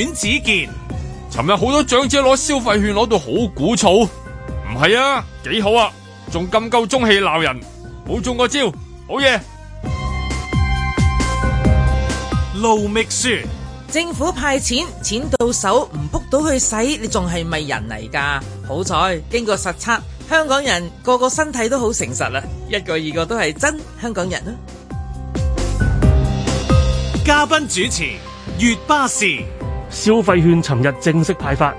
阮子健，尋日好多長者攞消費券攞到好鼓噪，唔係啊，幾好啊，仲咁夠中氣鬧人，冇中過招，好嘢。盧覓雪，政府派錢，錢到手唔撲到去使，你仲係咪人嚟㗎？好彩經過實測，香港人個個身體都好誠實啊，一個二個都係真香港人啊。嘉賓主持，月巴士。消費券尋日正式派發，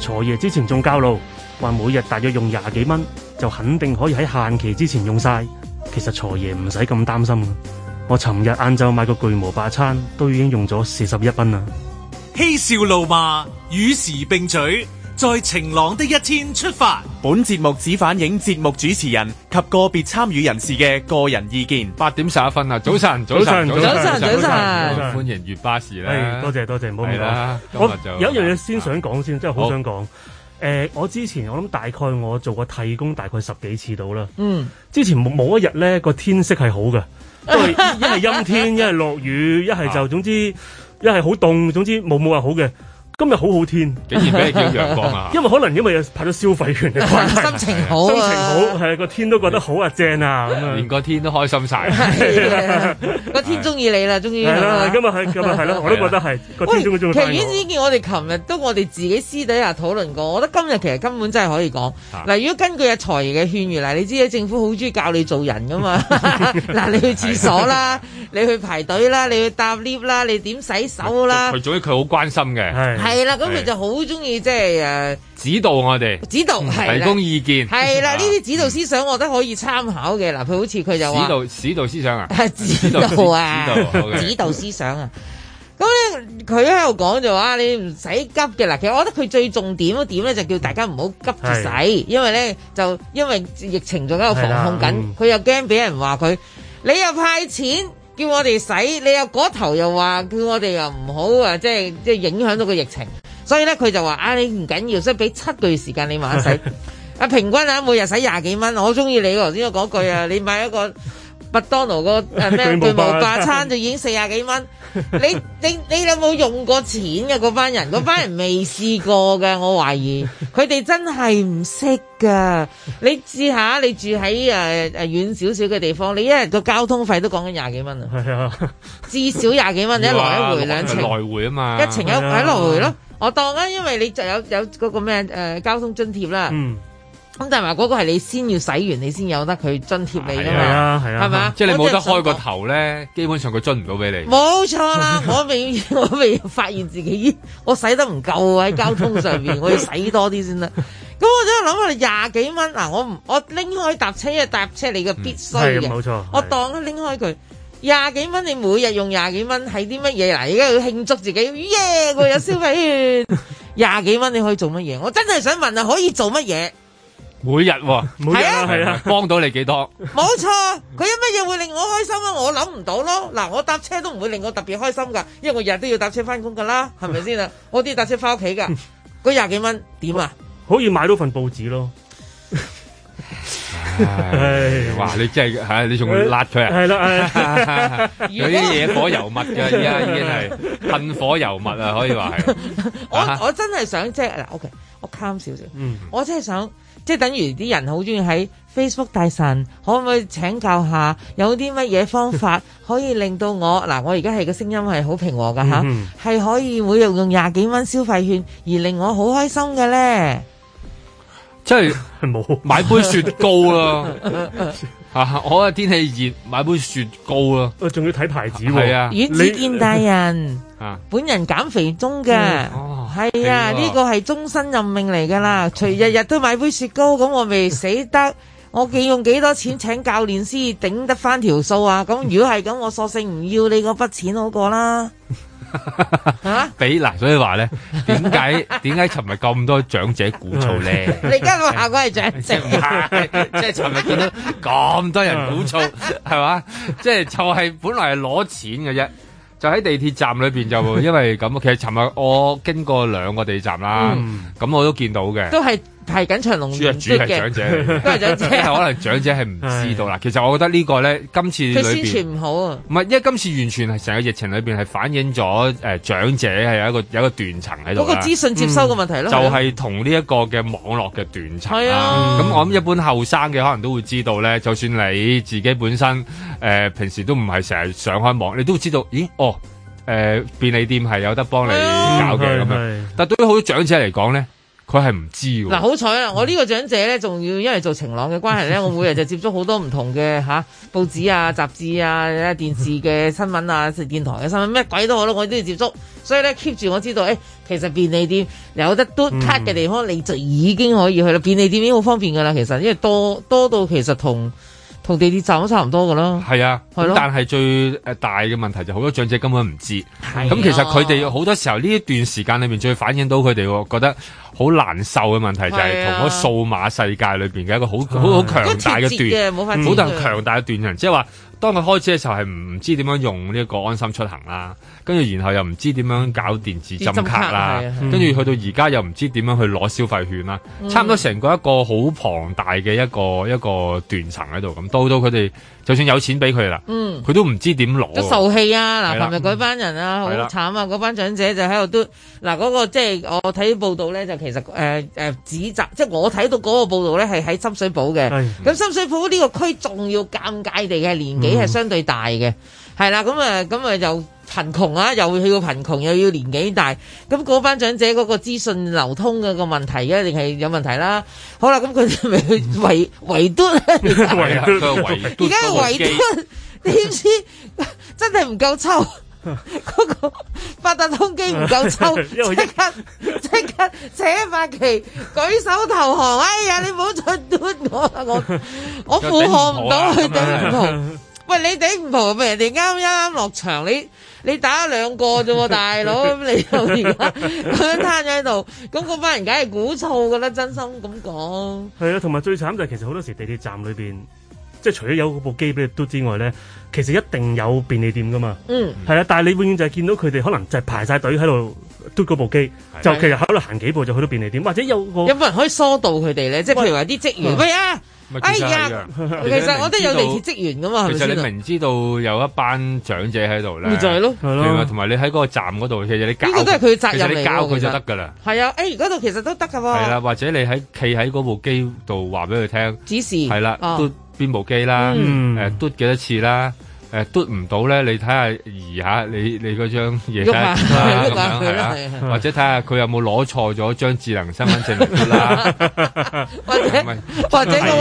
財爺之前仲教路，話每日大約用廿幾蚊就肯定可以喺限期之前用晒。其實財爺唔使咁擔心，我尋日晏晝買個巨無霸餐都已經用咗四十一蚊啦。嬉笑怒罵，與時並舉。在晴朗的一天出發。本節目只反映節目主持人及個別參與人士嘅個人意見。八點十一分啦，早晨，早晨，早晨，早晨，歡迎粵巴士啦，多謝多謝，唔好。我有一樣嘢先想講先，真係好想講。誒，我之前我諗大概我做過替工大概十幾次到啦。嗯，之前冇一日咧個天色係好嘅，因為一係陰天，一係落雨，一係就總之一係好凍，總之冇冇話好嘅。今日好好天，竟然俾你叫陽光啊！因為可能因為有排咗消費券嘅關係，心情好，心情好，係個天都覺得好啊，正啊，連個天都開心晒，個、 啊、天中意你啦，中意啦。今日係今日係咯，我都覺得係個、哎啊、天中意中意。其實呢件我哋琴日都我哋自己私底下討論過，我覺得今日其實根本真係可以講嗱，如果根據阿財爺嘅勸喻，嗱，你知政府好中意教你做人噶嘛，嗱、嗯 啊，你去廁所啦，你去排隊啦，你去搭 lift 啦，你點洗手啦，佢總之佢好關心嘅。哎係啦，咁佢就好中意即係誒，就是啊，指導我哋，指導係提供意見係啦，呢啲的的指導思想我都可以參考嘅。嗱，佢好似佢就話指導指導思想啊，指導啊，指導思想啊。咁咧、啊，佢喺度講就話你唔使急嘅啦。嗱，其實我覺得佢最重點嘅點咧，就叫大家唔好急住使，的因為咧就因為疫情仲喺度防控緊，佢、嗯、又驚俾人話佢你又派錢。叫我哋洗，你又嗰頭又話叫我哋又唔好啊！即係即係影響到個疫情，所以咧佢就話啊，你唔緊要，所以俾七個月時間你買洗。阿平均啊，每日使廿幾蚊，我中意你頭先嗰句啊，你買一個。麥當勞個誒咩巨無霸劇劇價餐就已經四十幾蚊， 你你你有冇用過錢嘅嗰班人，嗰班人未試過嘅，我懷疑佢哋 真係唔識噶。你試下，你住喺誒誒遠少少嘅地方，你一日個交通費都講緊廿幾蚊啊！係啊，至少廿幾蚊，說你一來一回兩程，來回啊嘛，一程有係來回咯。啊啊、我當啊，因為你就有有嗰個咩誒交通津貼啦。嗯咁但係話嗰個係你先要洗完，你先有得佢津貼你噶嘛？係嘛？即係你冇得開個頭咧，基本上佢津唔到俾你。冇錯啦，我未我未發現自己，我洗得唔夠喺交通上邊， 我要洗多啲先得。咁 我都係諗下，你廿幾蚊嗱，我我拎開搭車啊，搭車你嘅必須嘅，冇錯。我、嗯、我當拎是開佢廿幾蚊，你每日用廿幾蚊係啲乜嘢？嗱，而家要慶祝自己，耶、yeah！我有消費券廿幾蚊， 你可以做乜嘢？我真係想問啊，可以做乜嘢？每日喎、哦，係 啊，係幫、啊、到你幾多？冇錯， 佢有乜嘢會令我開心啊？我諗唔到咯。嗱，我搭車都唔會令我特別開心噶，因為我日日都要搭車翻工噶啦，係咪先啊？我都要搭車翻屋企噶，嗰廿 幾蚊點啊？可以買到份報紙咯。 唉，哇！你真係你仲甩佢啊？係咯、啊， 有啲野油火油物嘅，而家已經係噴火油物啊！可以話係 我我真係想，即係嗱，OK，我慳少少，我真係想。 即係等於啲人好中意喺 Facebook 大神，可唔可以請教下有啲乜嘢方法可以令到我嗱、 啊、我而家係個聲音係好平和嘅吓，係可以每日用廿幾蚊消費券而令我好開心嘅咧？即係冇買杯雪糕啦 、啊、我啊天氣熱，買杯雪糕啦，仲要睇牌子係啊！啊啊子健大人 啊、本人減肥中嘅。 係啊，呢個係終身任命嚟噶啦，除日日都買杯雪糕，咁我未死得，我用幾多錢請教練先頂得翻條數啊？咁如果係咁，我索性唔要你嗰筆錢好過啦。俾嗱， 所以話咧，點解點解尋日咁多長者鼓噪咧？ 你而家今日下鬼長者，即係尋日見到咁多人鼓噪，係嘛？ 即係就係、是、本來係攞錢嘅啫。就喺地鐵站裏邊就會，因為咁，其實尋日我經過兩個地站啦，咁、嗯、我都見到嘅。係緊長龍原則嘅，都係長者，係 可能長者係唔知道啦。 其實我覺得個呢個咧，今次佢宣傳唔好啊，唔係，因為今次完全係成個疫情裏邊係反映咗誒、呃、長者係有一個有一個斷層喺度嗰個資訊接收嘅問題咯，嗯、就係同呢一個嘅網絡嘅斷層。係啊，咁、嗯、我諗一般後生嘅可能都會知道咧，就算你自己本身誒、呃、平時都唔係成日上開網，你都知道，咦、哦、誒、呃、便利店係有得幫你搞嘅咁樣。嗯嗯、但係對於好多長者嚟講咧，佢係唔知㗎。嗱、啊，好彩啦，我呢個長者咧，仲要因為做晴朗嘅關係咧， 我每日就接觸好多唔同嘅吓、啊，報紙啊、雜誌啊、電視嘅新聞啊、電台嘅新聞，咩鬼都好啦，我都要接觸。所以咧，keep 住我知道，誒、欸，其實便利店有得嘟卡嘅地方，你就已經可以去啦。嗯、便利店已經好方便㗎啦，其實，因為多多到其實同，同地鐵站都差唔多㗎啦，係啊，啊但係最誒大嘅問題，就好多長者根本唔知，咁、啊、其實佢哋好多時候呢一段時間裏面最反映到佢哋覺得好難受嘅問題，就係同嗰個數碼世界裏邊嘅一個、啊、好好好強大嘅斷，好強大嘅斷層，即係話。當佢開始嘅時候係唔知點樣用呢個安心出行啦，跟住然後又唔知點樣搞電子針卡，針卡啦，跟住去到而家又唔知點樣去攞消費券啦，嗯、差唔多成個一個好龐大嘅一個一個斷層喺度咁，到到佢哋。就算有錢俾佢啦，嗯，佢都唔知點攞，都受氣啊！嗱的，琴日嗰班人啊，好的慘啊！嗰的班長者就喺度都嗱，嗰、嗰個即係我睇報道咧，就其實誒誒、呃呃、指責，即係我睇到嗰個報道咧，係喺深水埗嘅。咁唉深水埗呢個區仲要尷尬地嘅年紀係相對大嘅，係啦、嗯，咁啊，咁啊就。貧窮啊，又會去到貧窮，又要年紀大，咁嗰班長者嗰個資訊流通嘅個問題、啊、一定係有問題啦？好啦、啊，咁佢咪圍圍端？啊！而家圍端？點 知真係唔夠抽，嗰 個八達通機唔夠抽，即刻即刻，即刻扯發旗，舉手投降！哎呀，你唔好再嘟我啦，我我負荷唔到佢頂唔同 ！喂，你頂唔同，俾人哋啱啱落場你。你剛剛你打兩個啫喎，大佬，你又而家咁樣攤咗喺度，咁嗰班人梗係鼓噪噶啦，真心咁講。係啊，同埋最慘就係其實好多時地鐵站裏邊，即係除咗有嗰部機俾你嘟之外咧，其實一定有便利店噶嘛。嗯，係啊，但係你永遠就係見到佢哋可能就係排曬隊喺度嘟嗰部機，就其實喺度行幾步就去到便利店，或者有個有冇人可以疏導佢哋咧？即係譬如話啲職員喂啊。哎呀，其實我都有地鐵職員噶嘛，其實你明知道有一班長者喺度咧，咪就係咯，同埋同埋你喺嗰個站嗰度，其實你教，呢個都係佢責任嚟嘅，其實你教佢就得噶啦。係啊，誒，而家度其實都得噶喎。係啦，或者你喺企喺嗰部機度話俾佢聽，指示係啦，嘟邊部機啦，誒嘟幾多次啦。誒嘟唔到咧，你睇下疑下你你嗰張嘢，或者睇下佢有冇攞錯咗張智能身份證啦，或者或者嗰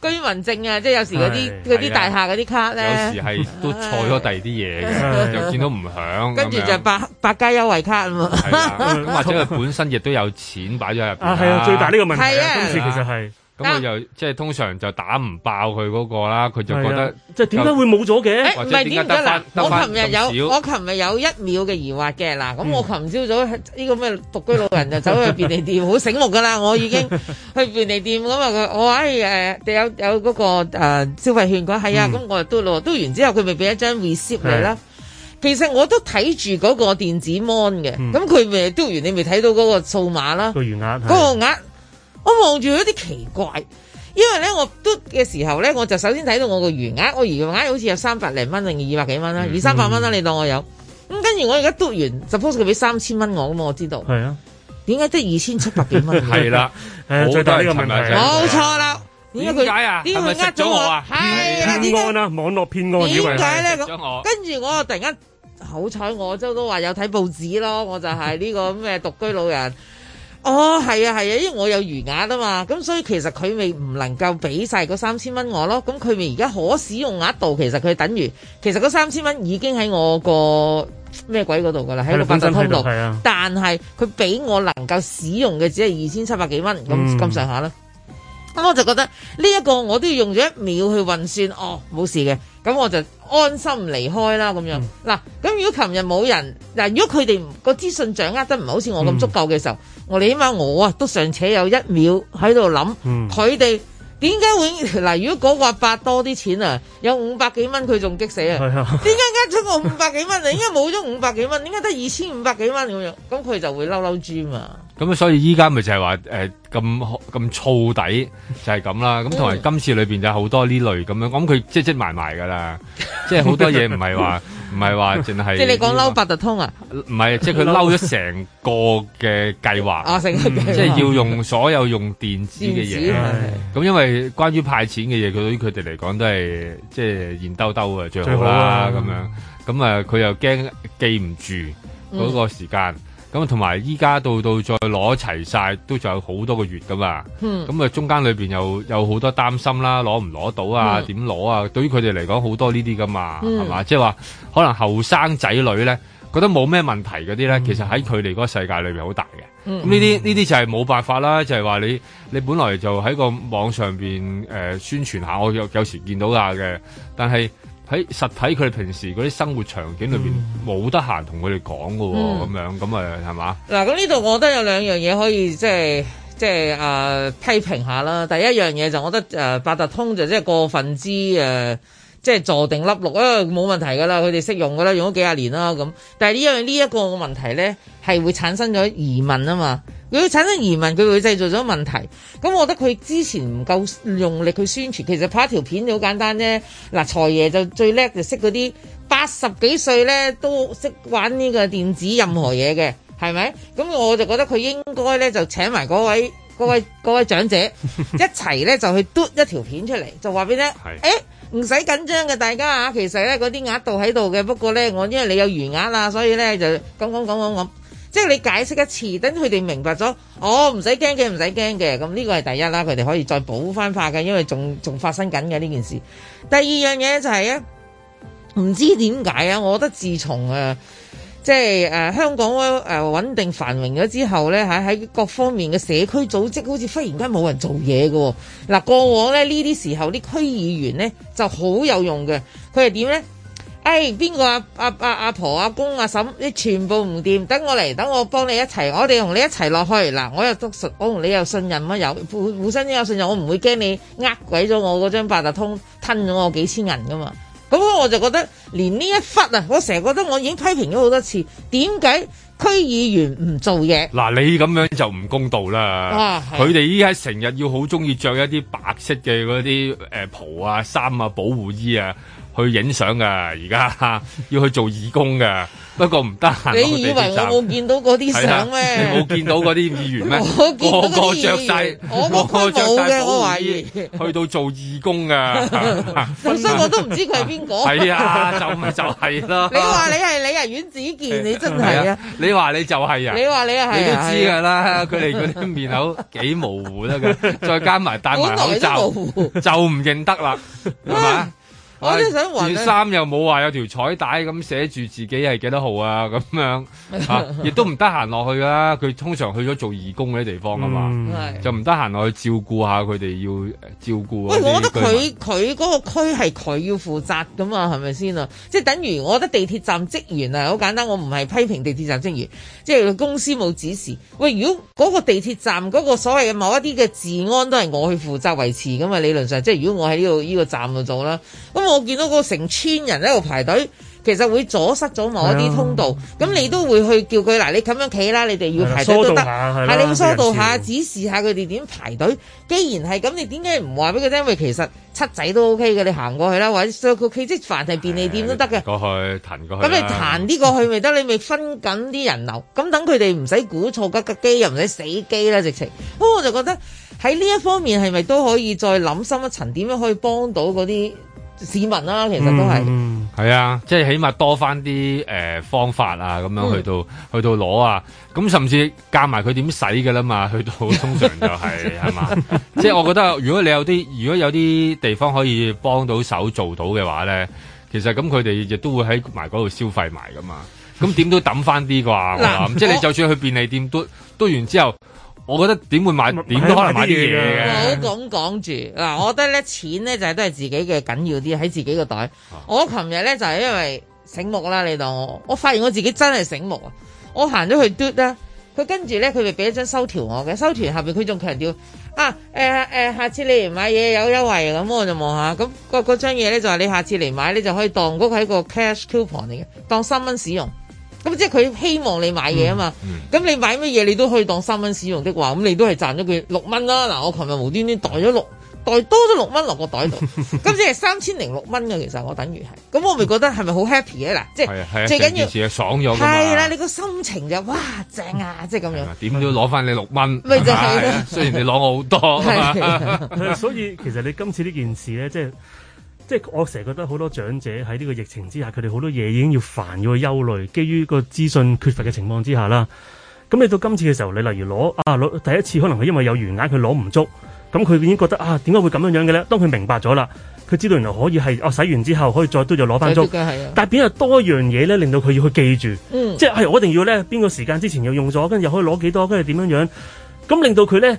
個居居民證啊，即係有時嗰啲啲大廈嗰啲卡咧，有時係都錯咗第二啲嘢嘅，又見到唔響，跟住就百百佳優惠卡咁，或者佢本身亦都有錢擺咗入邊，係啊，最大呢個問題啊，今次其實係。咁又即係通常就打唔爆佢嗰個啦，佢就覺得即係點解會冇咗嘅？唔係點解得返嗱，我琴日有我琴日有一秒嘅疑惑嘅嗱，咁我琴朝早呢個咩獨居老人就走去便利店，好醒目噶啦，我已經去便利店咁啊，我哎誒有有嗰個消費券嘅，係啊，咁我就嘟咯，嘟完之後佢咪俾一張 receipt 嚟啦。其實我都睇住嗰個電子 mon 嘅，咁佢咪嘟完，你咪睇到嗰個數碼啦。個餘額嗰個額我望住佢有啲奇怪，因為咧我嘟嘅時候咧，我就首先睇到我個餘額，我餘額好似有三百零蚊定二百幾蚊啦，二三百蚊啦，你當我有咁，跟住，我而家嘟完，就 post 佢俾三千蚊我，咁我知道。係啊，點解即係二千七百幾蚊？係啦，啊啊，最大呢個問題冇錯 麼啦，點解啊？係咪呃咗我啊？騙案啊，網絡騙案，點解咧咁？跟住我突然間好彩，我周都話有睇報紙咯，我就係呢個咩嘅獨居老人。 哦，係啊，係啊，因為我有餘額啊嘛，咁所以其實佢未唔能夠俾晒嗰三千蚊我咯。咁佢咪而家可使用額度，其實佢等於其實嗰三千蚊已經喺我個咩鬼嗰度噶啦，喺六發掘通道。啊、但係佢俾我能夠使用嘅只係二千七百幾蚊咁咁上下啦。咁、嗯、我就覺得呢一、這個我都要用咗一秒去運算。哦，冇事嘅，咁我就安心離開啦。咁樣嗱，咁、嗯啊、如果琴日冇人嗱，如果佢哋個資訊掌握得唔係好似我咁足夠嘅時候。嗯我哋起碼我啊都尚且有一秒喺度諗，佢哋點解會嗱？如果嗰個阿伯多啲錢啊，有五百幾蚊佢仲激死啊。點解加超過五百幾蚊？你應該冇咗五百幾蚊，點解得二千五百幾蚊咁樣？咁佢就會嬲嬲豬嘛？咁所以依家咪就係話誒咁咁燥底就係、是、咁啦。咁同埋今次裏邊、嗯、 就好多呢類咁樣，咁佢積積埋埋㗎啦，即係好多嘢唔係話。唔係話淨係，即係你講嬲八達通啊？唔係，即係佢嬲咗成個嘅計劃。 啊，成個計劃，即係要用所有用電子嘅嘢。咁 子 因為關於派錢嘅嘢，佢對於佢哋嚟講都係即係現兜兜啊，最好啦咁、啊、樣。咁啊，佢又驚記唔住嗰個時間。嗯咁同埋依家到到再攞齊晒，都仲有好多個月㗎嘛。咁啊、嗯，中間裏邊又有好多擔心啦，攞唔攞到啊，點攞、嗯、啊？對於佢哋嚟講，好多呢啲㗎嘛，係嘛、嗯？即係話可能後生仔女咧，覺得冇咩問題嗰啲咧，嗯、其實喺佢哋嗰個世界裏面好大嘅。咁呢啲呢啲就係冇辦法啦，就係、是、話你你本來就喺個網上邊誒、呃、宣傳下，我有有時見到下嘅，但係。喺實體佢哋平時嗰啲生活場景裏邊冇得閒同佢哋講嘅喎，咁樣咁啊係嘛？嗱，咁呢度我覺得有兩樣嘢可以即係即係啊批評下啦。第一樣嘢就我覺得啊、呃、八達通就即係過分之誒。呃即係坐定粒六啊，冇、哎、問題㗎啦，佢哋識用㗎啦，用咗幾廿年啦咁。但係呢樣呢一個問題咧，係會產生咗疑問啊嘛。佢會產生疑問，佢會製造咗問題。咁、嗯、我覺得佢之前唔夠用力去宣傳，其實拍一條片好簡單啫。嗱、啊，財爺就最叻就識嗰啲八十幾歲咧都識玩呢個電子任何嘢嘅，係咪？咁、嗯、我就覺得佢應該咧就請埋嗰位嗰 位位，位長者一齊咧就去嘟一條片出嚟，就話俾咧，誒、 欸。唔使緊張嘅，大家啊，其實咧嗰啲額度喺度嘅，不過咧我因為你有餘額啦，所以咧就講講講講講，即係你解釋一次，等佢哋明白咗，哦唔使驚嘅，唔使驚嘅，咁呢個係第一啦，佢哋可以再補翻法嘅，因為仲仲發生緊嘅呢件事。第二樣嘢就係啊，唔知點解啊，我覺得自從啊。即係誒、呃、香港咧誒、呃、穩定繁榮咗之後咧嚇喺各方面嘅社區組織好似忽然間冇人做嘢㗎喎，嗱，過往咧呢啲時候啲區議員咧就好有用嘅，佢係點咧？誒邊個阿阿阿阿婆阿、啊、公阿、啊、嬸你全部唔掂，等我嚟，等我幫你一齊，我哋同你一齊落去嗱、啊，我又篤實，我同你有信任嘛、嗯，有互互相都有信任，我唔會驚你呃鬼咗我嗰張八達通吞咗我幾千銀噶嘛。咁我就覺得，連呢一忽啊，我成日覺得我已經批評咗好多次，點解區議員唔做嘢？嗱、啊，你咁樣就唔公道啦！佢哋依家成日要好中意着一啲白色嘅嗰啲誒袍啊、衫啊、保護衣啊。去影相噶，而家要去做義工噶，不過唔得閒。你以為我冇見到嗰啲相咩？你冇見到嗰啲議員咩？我見到個着晒，我個冇嘅，我懷疑去到做義工噶，本身我都唔知佢係邊個。係啊，就咪就係咯。你話你係李人阮子健，你真係啊！你話你就係啊，你話你又係，你都知噶啦。佢哋嗰啲面口幾模糊得㗎，佢再加埋戴埋口罩，就唔認得啦，係嘛？我都想話，件衫又冇話有，有條彩帶咁寫住自己係幾多號啊咁樣，亦都唔得閒落去啊。佢通常去咗做義工嗰啲地方啊嘛，嗯、就唔得閒落去照顧下佢哋要照顧。喂，我覺得佢佢嗰個區係佢要負責噶嘛，係咪先啊？即係等於我覺得地鐵站職員啊，好簡單。我唔係批評地鐵站職員，即係公司冇指示。喂，如果嗰個地鐵站嗰個所謂嘅某一啲嘅治安都係我去負責維持噶嘛，理論上即係如果我喺呢度呢個站度做啦，咁。我見到個成村人喺度排隊，其實會阻塞咗某一啲通道，咁、啊、你都會去叫佢嗱，你咁樣企啦，你哋要排隊都得，但係你要疏導下，指示下佢哋點排隊。既然係咁，你點解唔話俾佢聽？因為其實七仔都 OK 嘅，你行過去啦，或者 s u、OK，即係凡係便利店都得嘅，過去彈過去，咁你彈啲過去咪得， 你咪分緊啲人流，咁等佢哋唔使估錯吉吉機，又唔使死機啦，直情。咁我就覺得喺呢一方面係咪都可以再諗深，深一層，點樣可以幫到嗰啲？市民啦、啊，其實都係，係、嗯嗯、啊，即係起碼多翻啲誒方法啊，咁樣去到、嗯、去到攞啊，咁甚至加埋佢點使㗎啦嘛，去到通常就係係嘛，即係我覺得如果你有啲如果有啲地方可以幫到手做到嘅話咧，其實咁佢哋亦都會喺埋嗰度消費埋噶嘛，咁點 都抌翻啲啩， 即係你就算去便利店都都，都完之後。我覺得點會買？都可能買買買點都係買嘢嘅。唔好咁講住嗱，我覺得咧錢咧就係都係自己嘅緊要啲，喺自己個袋。 我琴日咧就係、是、因為醒目啦，你當我，我發現我自己真係醒目啊！我行咗去嘟啦，佢跟住咧佢就俾一張收條我嘅，收條後面佢仲強調啊誒誒、欸欸，下次你嚟買嘢有優惠咁，我就望下咁嗰張嘢咧就係、是、你下次嚟買你就可以當嗰個係個 cash coupon 嚟嘅，當三蚊使用。咁即係佢希望你買嘢啊嘛，咁你買乜嘢你都可以當三蚊使用的話，咁你都係賺咗佢六蚊啦。嗱，我琴日無端端袋咗六袋多咗六蚊落個袋度，咁即係三千零六蚊嘅，其實我等於係，咁我咪覺得係咪好 happy 咧？嗱，即係最緊要，最緊要爽咗嘅，係啦，你個心情就哇正啊，即係咁樣，點都攞翻你六蚊，咪就係咯。雖然你攞我好多，所以其實你今次呢件事咧，即係。即係我成日覺得好多長者喺呢個疫情之下，佢哋好多嘢已經要煩，要憂慮。基於個資訊缺乏嘅情況之下啦，咁你到今次嘅時候，你例如攞啊，攞第一次可能係因為有餘額，佢攞唔足，咁佢已經覺得啊，點解會咁樣樣嘅咧？當佢明白咗啦，佢知道原來可以係哦、啊，洗完之後可以再堆就攞翻足。但係變咗多一樣嘢咧，令到佢要去記住，嗯、即係我一定要咧，邊個時間之前要用咗，跟住又可以攞幾多，跟住點樣樣，咁令到佢咧。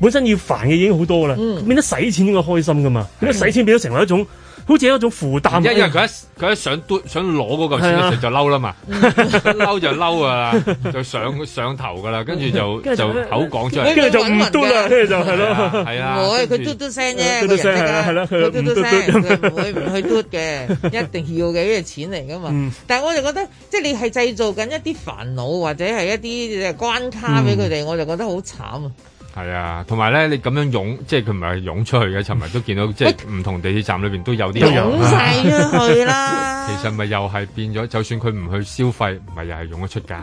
本身要煩嘅已經好多啦，變得使錢應該開心噶嘛？使錢變咗成為一種好似一種負擔一樣，佢一佢一想攞想攞嗰嚿錢就嬲啦嘛，嬲就嬲噶啦，就上上頭噶啦，跟住就就口講出嚟，跟住就唔嘟啦，跟住就係咯，係啊，唔佢嘟嘟聲啫，佢唔識噶，佢嘟嘟聲，唔唔去嘟嘅，一定要嘅，呢個錢嚟噶嘛。但係我就覺得，即係你係製造緊一啲煩惱或者係一啲關卡俾佢哋，我就覺得好慘啊！係啊，同埋咧，你咁樣湧，即係佢唔係湧出去嘅。尋日都見到，即係唔同地鐵站裏邊都有啲人湧。湧晒出去啦！其實咪又係變咗，就算佢唔去消費，咪又係湧咗出街。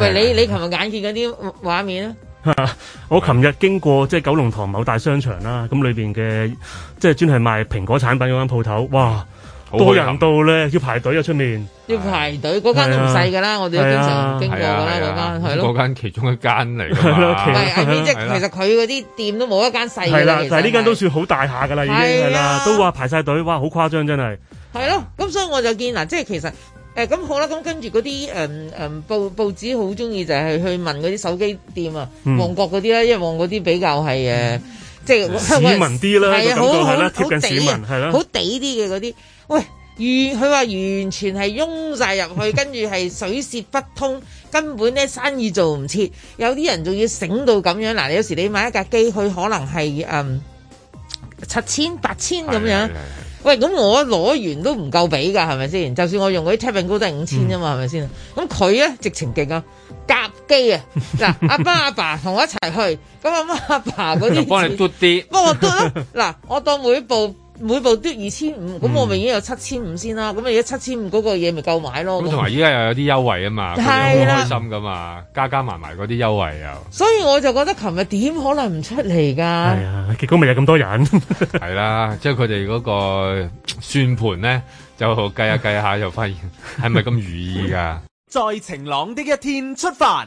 喂，啊、你你尋日眼見嗰啲畫面啊？我琴日經過即係、就是、九龍塘某大商場啦，咁裏邊嘅即係專係賣蘋果產品嗰間鋪頭，哇！多人到咧，要排隊啊！出面要排隊，嗰間都唔細噶啦，我哋經常經過噶啦，嗰間係咯。嗰間其中一間嚟，係咯。係你即係其實佢嗰啲店都冇一間細嘅。係啦，但係呢間都算好大下噶啦，已經係啦，都話排晒隊，哇，好誇張真係。係咯，咁所以我就見嗱，即係其實誒咁好啦，咁跟住嗰啲誒誒報報紙好中意就係去問嗰啲手機店啊，旺角嗰啲啦，因為旺角嗰啲比較係誒，即係市民啲啦，係啊，好好貼近市民，係咯，好抵啲嘅啲。喂，完，佢話完全係擁晒入去，跟住係水泄不通，根本咧生意做唔切。有啲人仲要醒到咁樣嗱，你有時你買一架機，佢可能係嗯七千八千咁樣。啊啊、喂，咁、嗯、我攞完都唔夠俾噶，係咪先？就算我用嗰啲 Tap and Go 都係五千啫嘛，係咪先？咁佢咧直情勁啊，夾機啊！嗱，阿爸 那那阿爸同我一齊去，咁阿媽阿爸嗰啲錢，又幫 你嘟啲。不過都嗱，我當每一部。每部都二千五，咁我咪已經有七千五先啦，咁咪而家七千五嗰個嘢，咪夠買咯。咁同埋依家，又有啲優惠啊嘛，好、啊、開心噶嘛，加加埋埋嗰啲優惠啊。所以我就覺得琴日點可能唔出嚟噶？係啊、哎，結果咪有咁多人。係 啦、啊，即係佢哋嗰個算盤咧，就計下計下就發現係咪咁如意噶？ 再晴朗一啲的一天出發。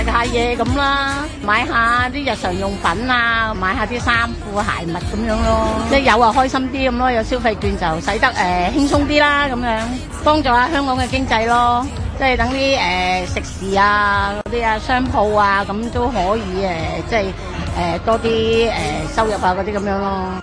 食下嘢咁啦，買下啲日常用品啊，買下啲衫褲鞋襪咁樣咯。即係有啊，開心啲咁咯，有消費券就使得誒輕鬆啲啦，咁、呃、樣幫助下香港嘅經濟咯。即係等啲誒、呃、食肆啊，嗰啲啊商鋪啊，咁、啊、都可以誒、呃，即係誒、呃、多啲誒、呃、收入啊，嗰啲咁樣咯。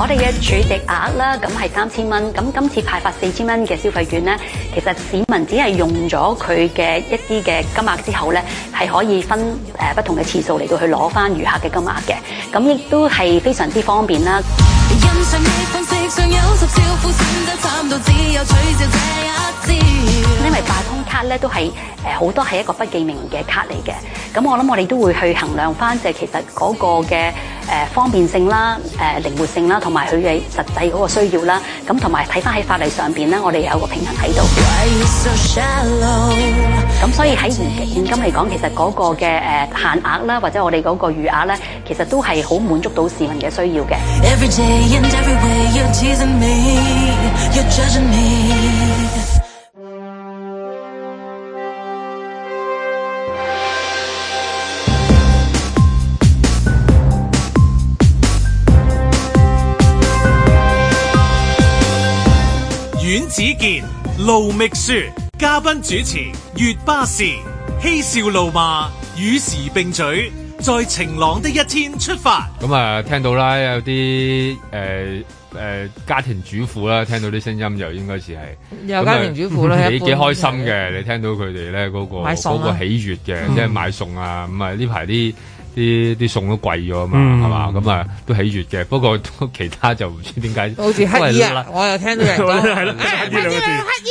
我哋嘅儲值額啦，咁係三千蚊。咁今次派發四千蚊嘅消費券咧，其實市民只係用咗佢嘅一啲嘅金額之後咧，係可以分誒不同嘅次數嚟到去攞返餘下嘅金額嘅。咁亦都係非常之方便啦。因為八達通卡咧都係誒好多係一個不記名嘅卡嚟嘅。咁我諗我哋都會去衡量返，就係其實嗰個嘅。誒、呃、方便性啦，誒、呃、靈活性啦，同埋佢嘅實際嗰個需要啦，咁同埋睇返喺法例上邊咧，我哋有個平衡喺度。咁、so 嗯、所以喺現現金嚟講，其實嗰個嘅誒限額啦，或者我哋嗰個餘額咧，其實都係好滿足到市民嘅需要嘅。Every day and 子健、盧覓雪，嘉賓主持，月巴士，嬉笑怒罵，與時並舉，在晴朗的一天出發。咁啊、嗯，聽到啦，有啲誒誒家庭主婦啦，聽到啲聲音就應該是係有家庭主婦啦，嗯嗯、你一般 幾開心嘅，的你聽到佢哋咧嗰個、啊、個喜悅嘅，嗯、即係買餸啊，咁啊呢排啲。啲啲餸都貴咗啊嘛，係嘛？咁啊都喜悦嘅，不過其他就唔知點解。好似乞兒啊。我又聽到人。係咯係咯，乞兒乞兒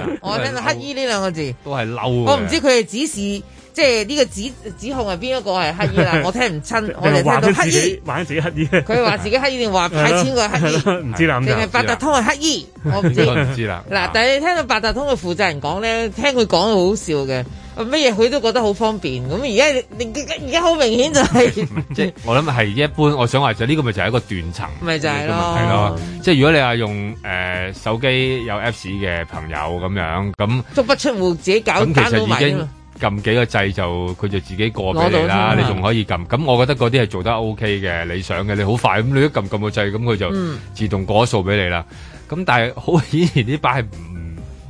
啊！我聽到乞衣呢兩個字都係嬲。我唔知佢係指示，即係呢個指指控係邊一個係乞衣啦，我聽唔親。我哋聽到乞兒，玩自己乞兒。佢話自己乞衣，定話派錢個乞兒？唔知啦。定係八達通係乞衣？我唔知。我唔知啦。嗱，但係你聽到八達通嘅負責人講咧，聽佢講好笑嘅。乜嘢佢都覺得好方便，咁而家你而家好明顯就係即係我諗係一般，我想話，這個、就呢個咪就係一個斷層，咪就係咯，係咯，即係如果你話用誒、呃、手機有 Apps 嘅朋友咁樣咁足不出戶自己搞，咁其實已經撳幾個掣就佢就自己過俾你啦，你仲可以撳。咁我覺得嗰啲係做得 OK 嘅，理想嘅，你好快咁你一撳撳個掣咁佢就自動過數俾你啦。咁、嗯、但係好顯然呢把係唔。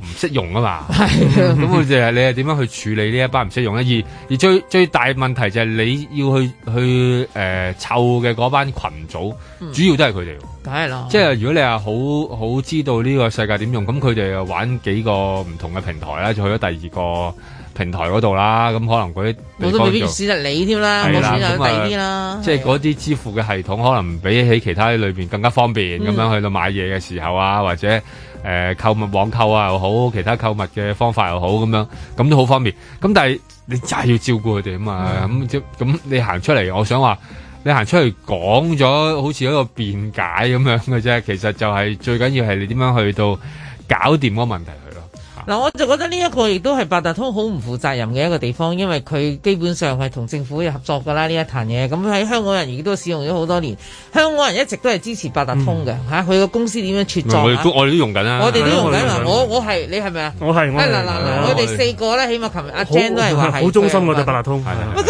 唔識用啊嘛，咁佢就係你係點樣去處理呢一班唔識用咧？而而最最大問題就係你要去去誒湊嘅嗰班群組，嗯、主要都係佢哋，梗係啦。即係如果你係好好知道呢個世界點用，咁佢哋又玩幾個唔同嘅平台啦，就去咗第二個平台嗰度啦。咁可能嗰啲都未必輸得你添啦，冇錢就第啲啦。啊、啦即係嗰啲支付嘅系統，可能比起其他喺裏邊更加方便，咁樣、嗯、去到買嘢嘅時候啊，或者。誒購、呃、物網購啊又好，其他購物嘅方法又好咁樣，咁都好方便。咁但係你真係要照顧佢哋啊嘛。咁咁、嗯嗯嗯嗯、你行出嚟，我想話你行出去講咗好似一個辯解咁樣嘅啫。其實就係、是、最緊要係你點樣去到搞掂個問題。嗱，我就覺得呢一個亦都係八達通好唔負責任嘅一個地方，因為佢基本上係同政府合作㗎啦，呢一壇嘢。咁喺香港人而家都使用咗好多年，香港人一直都係支持八達通嘅嚇。佢個公司點樣劣作？我哋都用緊啦。我哋都用緊啦。我我係你係咪啊？我係。嗱嗱嗱，我哋四個咧，起碼琴日阿 Jean 都係話係。好忠心嘅八達通。咁我都。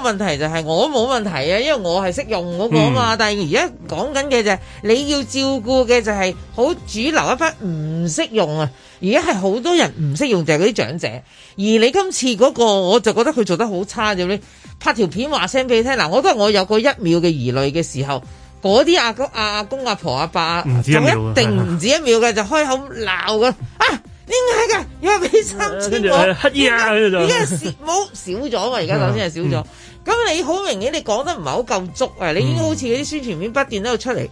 個問題就係我冇問題啊，因為我係識用嗰個嘛。嗯、但係而家講緊嘅就係、是、你要照顧嘅就係好主流一班唔識用啊。而家係好多人唔識用，就係嗰啲長者。而你今次嗰、嗰個，我就覺得佢做得好差。點呢？拍條片話聲俾你聽。嗱，我都係我有個一秒嘅疑慮嘅時候，嗰啲阿公、阿公、阿婆、阿爸一就一定唔止一秒嘅，的就開口鬧㗎。啊，點解嘅？因為俾三千我，黑衣 啊，而家冇少咗啊，而家首先係少咗。咁你好明顯，你講得唔係好夠足啊！嗯、你已經好似嗰啲宣傳片不斷都有出嚟，即、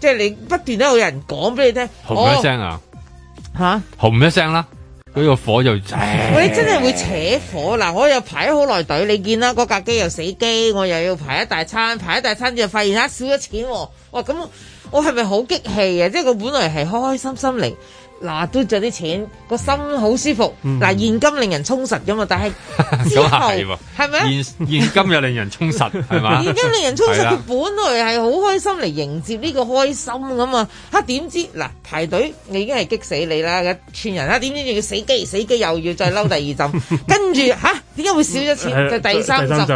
就、係、是、你不斷都有人講俾你聽。紅一聲啊，吓紅、啊、一聲啦、啊，嗰、嗰個火就唉唉你真係會扯火嗱！我又排咗好耐隊，你見啦，嗰架機又死機，我又要排一大餐，排一大餐就發現少啊少咗錢，哇！咁我係咪好激氣啊？即係我本來係開開心心嚟。嗱，嘟咗啲錢，個心好舒服。嗱、嗯，現金令人充實噶嘛，但係之後，係咪 吧？現現金又令人充實，係嘛 吧？現金令人充實，佢的本來係好開心嚟迎接呢個開心噶嘛。嚇、啊、點知嗱、啊、排隊你已經係激死你啦，千、啊、人啦，點、啊、知仲要死機，死機又要再嬲第二浸， 跟住吓，點、啊、解會少咗錢？ 就第三浸。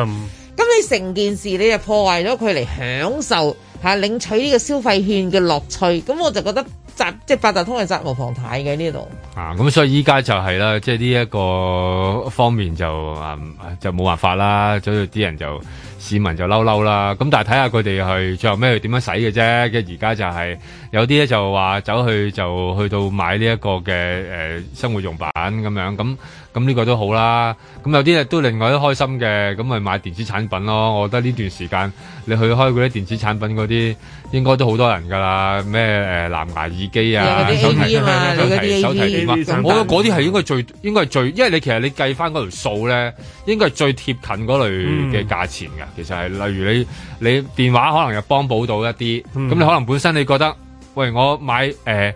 咁你成件事你就破壞咗佢嚟享受嚇、啊、領取呢個消費券嘅樂趣，咁我就覺得。即係八達通係責無旁貸嘅呢度啊！咁、嗯、所以依家就係、是、啦，即係呢一個方面就啊、嗯、就冇辦法啦，所以啲人就市民就嬲嬲啦。咁但係睇下佢哋去最後咩去點樣使嘅啫。而家就係、是。有啲咧就話走去就去到買呢一個嘅誒、呃、生活用品咁樣咁咁呢個都好啦。咁有啲都另外都開心嘅，咁咪買電子產品咯。我覺得呢段時間你去開嗰啲電子產品嗰啲應該都好多人㗎啦。咩誒藍牙耳機啊、手提啊、手提電話。我覺得嗰啲係應該最應該係最，因為你其實你計翻嗰條數咧，應該係最貼近嗰類嘅價錢㗎。Mm. 其實係例如你你電話可能又幫補到一啲，咁、mm. 你可能本身你覺得。喂，我買誒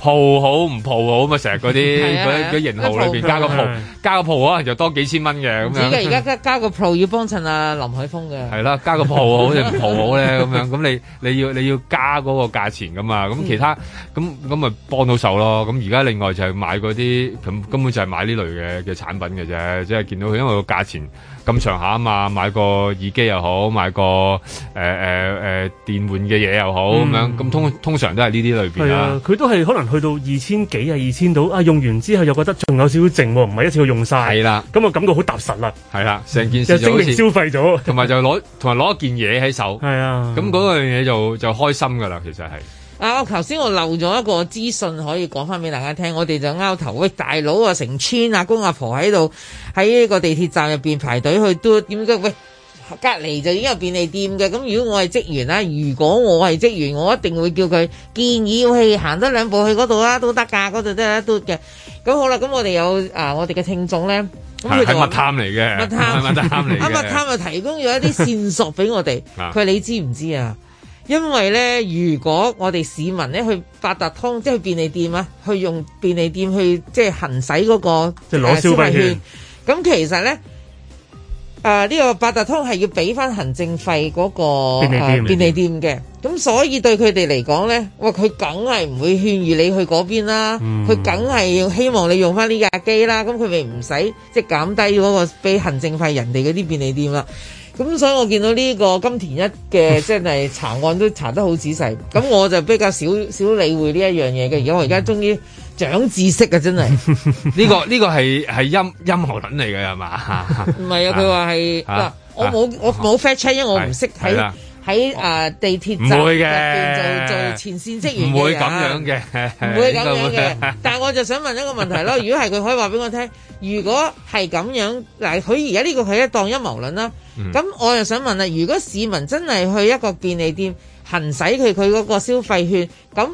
pro 好唔 pro 好嘛？成日嗰啲嗰啲型號裏邊加個 pro，加個 pro 可能就多幾千蚊嘅咁樣。而家加加加個 pro 要幫襯阿林海峰嘅。係啦，加個 pro 好定唔 pro 好咧咁樣，咁你你要你要加嗰個價錢噶嘛？咁其他咁咁咪幫到手咯。咁而家另外就係買嗰啲，咁根本就係買呢類嘅嘅產品嘅啫，即係見到佢，因為個價錢。咁上下啊嘛，買個耳機又好，買個誒誒誒電換嘅嘢又好，咁樣咁通通常都係呢啲類別啦。佢都係可能去到二千幾啊，二千到啊，用完之後又覺得仲有少少剩，唔係一次要用晒。係啦，咁啊感覺好踏實啦。係啦，成件事就證明消費咗，同埋就攞同埋攞一件嘢喺手。係啊，咁嗰樣嘢就就開心噶啦，其實係。啊！我頭先我漏咗一個資訊，可以講翻俾大家聽。我哋就拗頭喂、欸，大佬啊，成村啊，阿公阿婆喺度喺呢個地鐵站入邊排隊去嘟。o 點解？喂，隔離就已經有便利店嘅。咁如果我係職員啦，如果我係職員，我一定會叫佢建議去行多兩步去嗰度啦，都得㗎，嗰度都得嘟嘅。咁好啦，咁我哋有啊，我哋嘅聽眾咧，咁佢就話密探嚟嘅，密探，密探嚟嘅。密、 啊 啊、探又提供咗一啲線索俾我哋。佢你知唔知啊？因為咧，如果我哋市民咧去八達通，即係便利店啊，去用便利店去即係行使嗰個即係攞消費券，咁其實咧，誒呢個八達通係要俾翻行政費嗰個便利店嘅，咁所以對佢哋嚟講咧，哇佢梗係唔會勸喻你去嗰邊啦，佢梗係用希望你用翻呢架機啦，咁佢咪唔使即係減低嗰個俾行政費人哋嗰啲便利店啦。咁所以我見到呢個金田一嘅即係查案都查得好仔細，咁我就比較少少理會呢一樣嘢嘅。而家我而家終於長知識啊，真係 ！呢個呢個係係音音樂論嚟嘅係嘛？唔係啊，佢話係嗱，我冇我冇 flash check，因為我唔識睇。喺誒、呃、地鐵站入邊做做前線職員，唔會咁樣嘅，唔 會咁樣嘅。 但係我就想問一個問題咯，如果係佢可以話俾我聽，如果係咁樣，嗱佢而家呢個係一檔陰謀論啦。咁、嗯、我又想問啦，如果市民真係去一個便利店行使佢佢嗰個消費券，咁。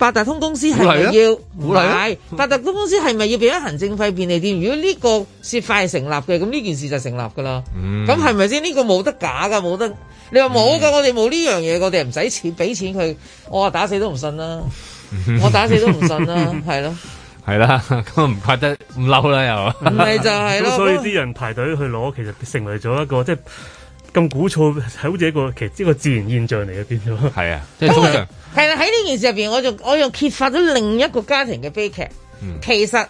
八達通公司係咪要補鞋？八達通公司係咪要俾咗行政費便利店？如果呢個說法係成立嘅，咁呢件事就成立噶啦。咁係咪先？呢、這個冇得假噶，冇得。你話冇噶，我哋冇呢樣嘢，我哋唔使錢俾錢佢，我話打死都唔信啦。嗯、我打死都唔信啦，係咯 。係啦，咁唔怪得唔嬲啦又。唔係就係咯。所以啲人排隊去攞，其實成為咗一個即係。就是咁鼓噪，好似一個其實一個自然現象嚟嘅變咗，係啊，即係通常。係啊，喺呢件事入邊，我就我又揭發咗另一個家庭嘅悲劇。嗯、其實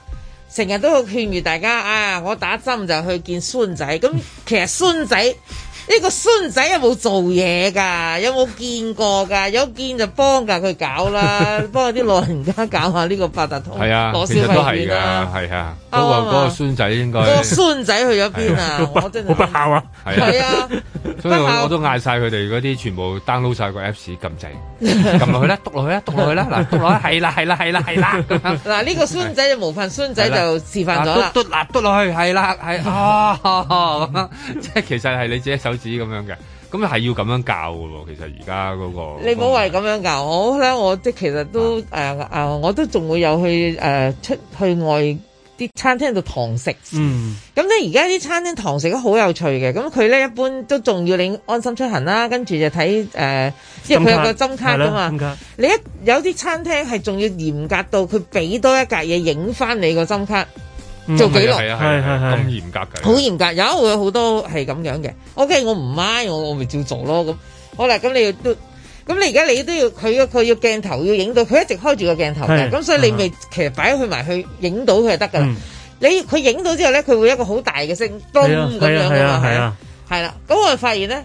成日都好勸喻大家啊、哎，我打針就去見孫仔。咁其實孫仔。 呢個孫仔有冇做嘢㗎？有冇見過㗎？有見就幫㗎，佢搞啦，幫啲老人家搞下呢個八達通。係啊，其實都係㗎，係啊。嗰個嗰個孫仔應該個孫仔去咗邊啊？我真係好不孝啊！係啊，所以我都嗌晒佢哋嗰啲全部 download 晒個 Apps 撳掣。撳落去啦，篤落去啦，篤落去啦，嗱篤落去，係啦，係啦，係啦，係啦，嗱呢個孫仔就模範，孫仔就示範咗啦。篤落去，係啦，係啊，即係其實係你自己手。咁樣嘅，咁係要咁樣教嘅喎。其實而家嗰個，你冇好話咁樣教我咧，我即其實都誒啊、呃，我都仲會有去誒、呃、出去外啲餐廳度堂食。嗯，咁咧而家啲餐廳堂食都好有趣嘅。咁佢咧一般都仲要你安心出行啦，跟住就睇即係誒佢有個卡針卡噶嘛。卡你一有啲餐廳係仲要嚴格到，佢俾多一格嘢影翻你個針卡。做記錄？係係係咁嚴格嘅。啊、好嚴格，有會有好多係咁樣嘅。OK，我唔買，我我咪照做咯。咁好啦，咁你都要咁你而家你都要佢要佢要鏡頭要影到，佢一直開住個鏡頭嘅。咁、哎、所以你咪其實擺去埋去影到佢就得噶啦。嗯、你佢影到之後咧，佢會一個好大嘅聲咚咁樣嘅嘛。係啊的，係啦。咁我發現咧，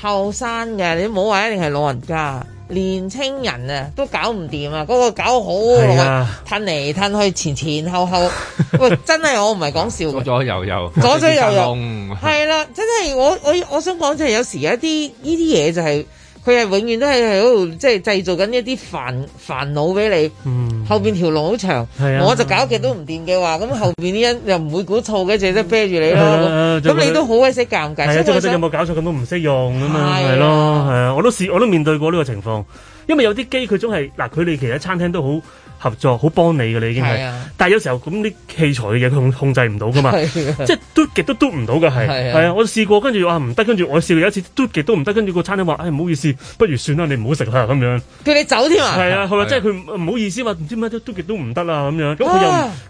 後生嘅你唔好話一定係老人家。ling tienen 年青人啊，都搞唔掂啊！嗰個搞好耐，褪嚟褪去，前前後後， 喂，真係我唔係講笑，嗰 左左右右，嗰左左右右，係啦， 真係我我我想講就係有時有一啲呢啲嘢就係。佢係永遠都係喺嗰度，即係製造緊一啲煩煩惱俾你。嗯，後邊條路好長，啊、我就搞極都唔掂嘅話，咁、啊、後邊啲人又唔會鼓噪嘅，就都啤住你咯。咁、啊啊、你都好鬼死尷尬。真係真係有冇搞錯咁都唔識用啊嘛？係咯、啊，係啊，啊！我都試，我都面對過呢個情況，因為有啲機佢總係嗱，佢哋其實餐廳都好。合作好幫你㗎喇，你已經係，啊、但係有時候咁啲器材嘅嘢佢控控制唔到噶嘛，即係嘟極都嘟唔到㗎，係，係啊，我試過跟住話唔得，跟住我試過，有一次嘟極都唔得，跟住個餐廳話，唉、哎、唔好意思，不如算啦，你唔好食啦咁樣，叫你走添啊，係 啊、exactly, ival cares，係啊，即係佢唔好意思話唔知乜都嘟極都唔得啦咁樣，咁佢又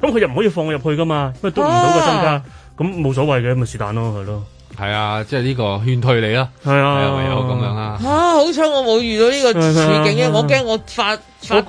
咁佢又唔可以放我入去噶嘛，因為嘟唔到個增加，咁冇所謂嘅，咪是但咯係咯。係啊，即係呢、這個勸退你啦，係啊，啊唯有咁樣啦。啊，啊好彩我冇遇到呢個處境啊！啊啊我驚我發發癲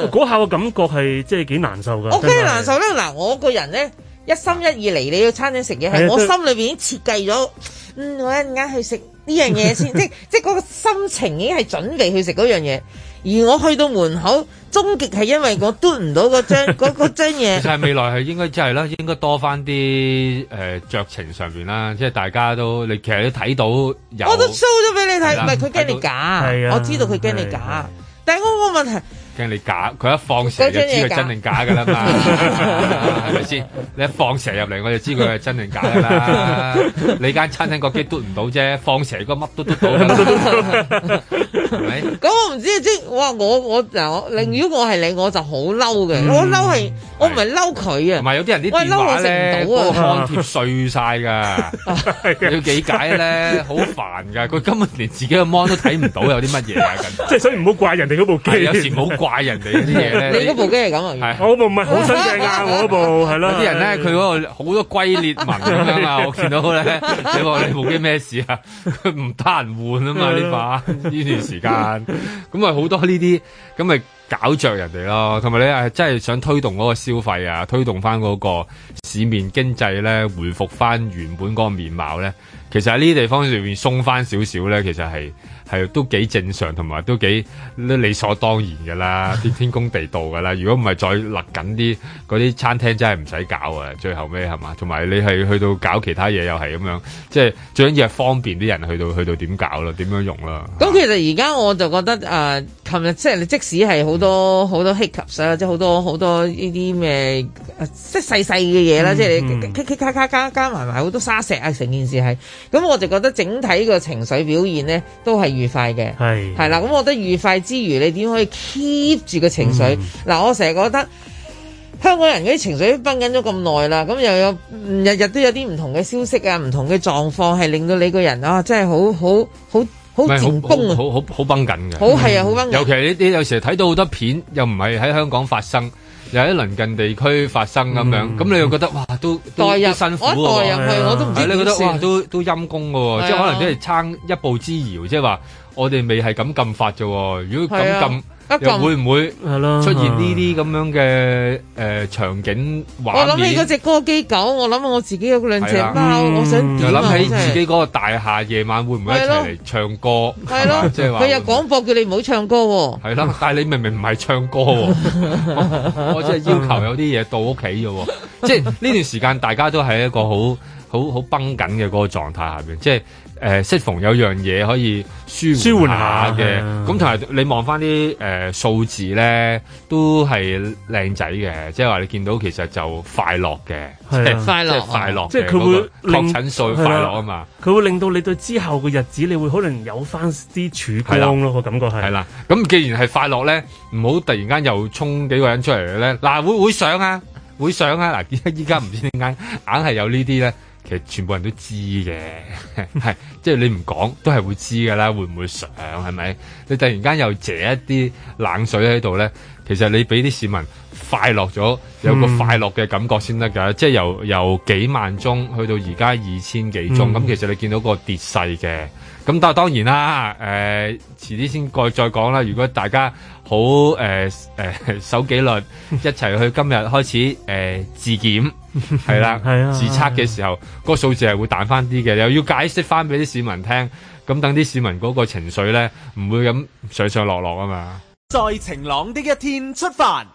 啊！嗰下嘅感覺係即係幾難受嘅。O K，難受咧。嗱，我個人咧一心一意嚟，你嘅餐廳食嘢，係、啊、我心裏邊已經設計咗，啊、嗯，我一陣間去食呢樣嘢先，即即係嗰個心情已經係準備去食嗰樣嘢。而我去到門口，終極係因為我嘟唔到嗰張嘢。 張其實未來係應該真係啦，應該多翻啲誒酌情上邊啦，即係大家都你其實都睇到有。我都 show 咗俾你睇，唔係佢驚你假，到我知道佢驚你假，的但係我個問題。的驚你假，佢一放蛇就知佢真定假噶啦嘛，係咪先？你一放蛇入嚟，我就知佢係真定假啦。 你間餐廳個機嘟唔到啫，放蛇個乜都嘟到，係咪 咁我唔知啊，即、嗯、係，哇、 嗯，我我嗱，如果我係你，我就好嬲嘅。我嬲係，我唔係嬲佢啊。同埋有啲人嬲啲電話咧都焊貼碎晒噶， 你要幾解咧？好煩噶，佢根本連自己嘅芒都睇唔到有，有啲乜嘢即係所以唔好怪人哋嗰部機， 有時好。怪人哋啲嘢咧，你部機係咁是啊？ 我部唔係好新淨㗎，我部係咯。啲人咧，佢嗰個好多龜裂紋咁樣啊！ 我見到咧， 你話你部機咩事啊？佢唔得人換啊嘛！呢版呢段時間，咁咪好多呢啲，咁咪搞着人哋咯。同埋你係真係想推動嗰個消費啊，推動翻嗰個市面經濟咧，回復翻原本嗰個面貌咧，其實喺呢啲地方入邊鬆翻少少咧，其實係。係都幾正常，同埋都幾理所當然㗎啦，啲 天公地道㗎啦。如果唔係再勒緊啲嗰啲餐廳，真係唔使搞啊！最後尾係嘛，同埋你係去到搞其他嘢又係咁樣，即係最緊要係方便啲人去到去到點搞啦，點樣用啦。咁、嗯、是其實而家我就覺得啊，琴、呃、日即係你即使係好多好、嗯、多 hiccups 即係好多好多呢啲咩，即係細細嘅嘢啦，嗯嗯、即係你咔咔咔加加埋埋好多沙石啊，成件事係咁，我就覺得整體個情緒表現呢都係。愉快嘅，係係啦，咁我覺得愉快之餘，你點可以 keep 住個情緒？嗱、嗯啊，我成日覺得香港人嗰啲情緒都繃緊咗咁耐啦，咁又有日日都有啲唔同嘅消息啊，唔同嘅狀況係令到你個人啊，真係好好好好緊好好好繃緊嘅，好係啊，好繃、嗯、尤其係呢啲，有時睇到好多片，又唔係喺香港發生。有喺鄰近地區發生咁、嗯、樣，咁你又覺得哇，都代入入辛苦代入去哇、啊、我都唔知、啊。你覺得哇，都都陰功嘅喎，啊、即可能只係撐一步之遙，即係話我哋未係咁禁法啫。如果咁禁。會唔會出現呢啲咁樣嘅，誒、呃、場景，我諗起嗰隻哥基狗，我諗我自己有兩隻貓，的嗯、我想諗、啊、起自己嗰個大廈夜晚會唔會一齊嚟唱歌？係咯的，即係話佢有廣播叫你唔好唱歌，哦。係啦，但係你明明唔係唱歌，哦 我，我即係要求有啲嘢到屋企啫。即係呢段時間大家都係一個好好好繃緊嘅嗰個狀態下面，即係。誒、呃，適逢有樣嘢可以舒緩舒緩下嘅，咁同埋你望翻啲誒數字咧，都係靚仔嘅，即係話你見到其實就快樂嘅，啊、快樂，快樂。即係佢會確診數快樂啊嘛，佢會令到你對之後嘅日子，你會可能有翻啲曙光咯。個感覺係。係啦，咁既然係快樂咧，唔好突然間又衝幾個人出嚟咧。嗱、啊，會會上啊，會上啊。嗱、啊，依家依家唔知點解硬係有呢啲咧。其實全部人都知嘅，係 即係你唔講都係會知嘅啦。會唔會想係咪？你突然間又借一啲冷水喺度咧，其實你俾啲市民快樂咗，有個快樂嘅感覺先得㗎。嗯、即係由由幾萬宗去到而家二千幾宗，咁、嗯、其實你見到個跌勢嘅。咁但係當然啦，誒、呃、遲啲先再再講啦。如果大家好誒誒守紀律，一齊去今日開始誒、呃、自檢。 係啦， 的的自測嘅時候，的個數字係會彈翻啲嘅，的又要解釋翻俾啲市民聽，咁等啲市民嗰個情緒咧，唔會咁上上落落啊嘛。在晴朗的一天出發，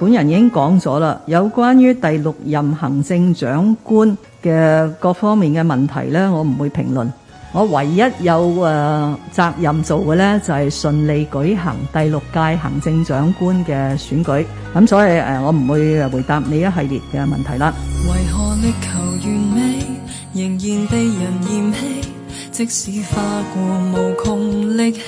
本人已經講咗啦，有關於第六任行政長官嘅各方面嘅問題咧，我唔會評論。我唯一有誒、呃、責任做嘅咧，就係、是、順利舉行第六屆行政長官嘅選舉。咁所以誒、呃，我唔會誒回答你一系列嘅問題啦。為何力求完美，仍然被人嫌棄，即使花過無窮力氣。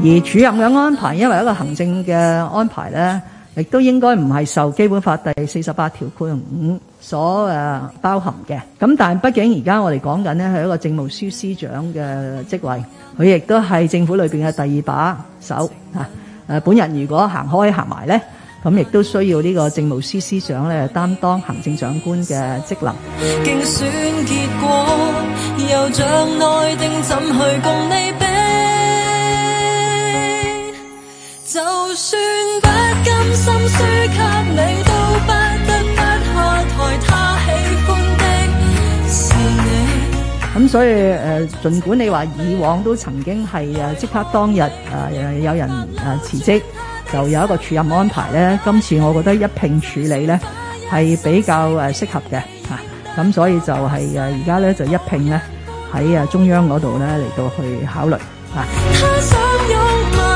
而主任嘅安排，因為一個行政嘅安排咧。亦都應該唔係受《基本法》第四十八條括五所誒包含嘅。咁但係畢竟而家我哋講緊咧係一個政務司司長嘅職位，佢亦都係政府裏邊嘅第二把手吓，誒、啊、本人如果行開行埋咧，咁亦都需要呢個政務司司長咧擔當行政長官嘅職能。競選結果又將內定怎去共你就算不不不甘心輸給你，你。都不得不下台。他喜歡的是你。咁所以誒，盡管你話以往都曾經係誒即刻當日誒有人誒辭職，就有一個署任安排咧。今次我覺得一併處理咧係比較誒適合嘅吓。咁、啊、所以就係誒而家咧就一併咧喺啊中央嗰度咧嚟，到去考慮吓。啊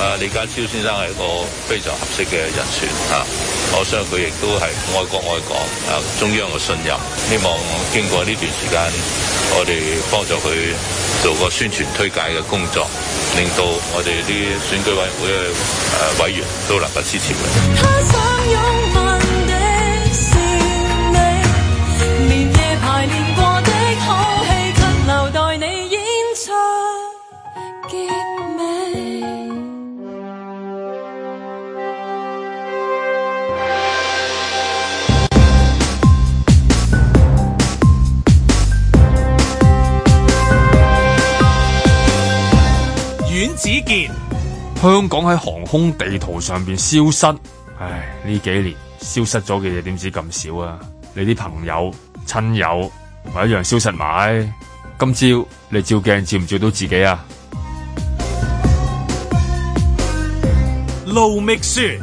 啊，李家超先生係一個非常合適嘅人選吓，我相信佢亦都係愛國愛港啊，中央嘅信任。希望經過呢段時間，我哋幫助佢做個宣傳推介嘅工作，令到我哋啲選舉委員會嘅委員都能夠支持佢。只香港喺航空地圖上面消失，唉，呢幾年消失咗嘅嘢，點知咁少啊？你啲朋友、親友，咪一樣消失埋？今朝你照鏡照唔照到自己啊？盧覓雪。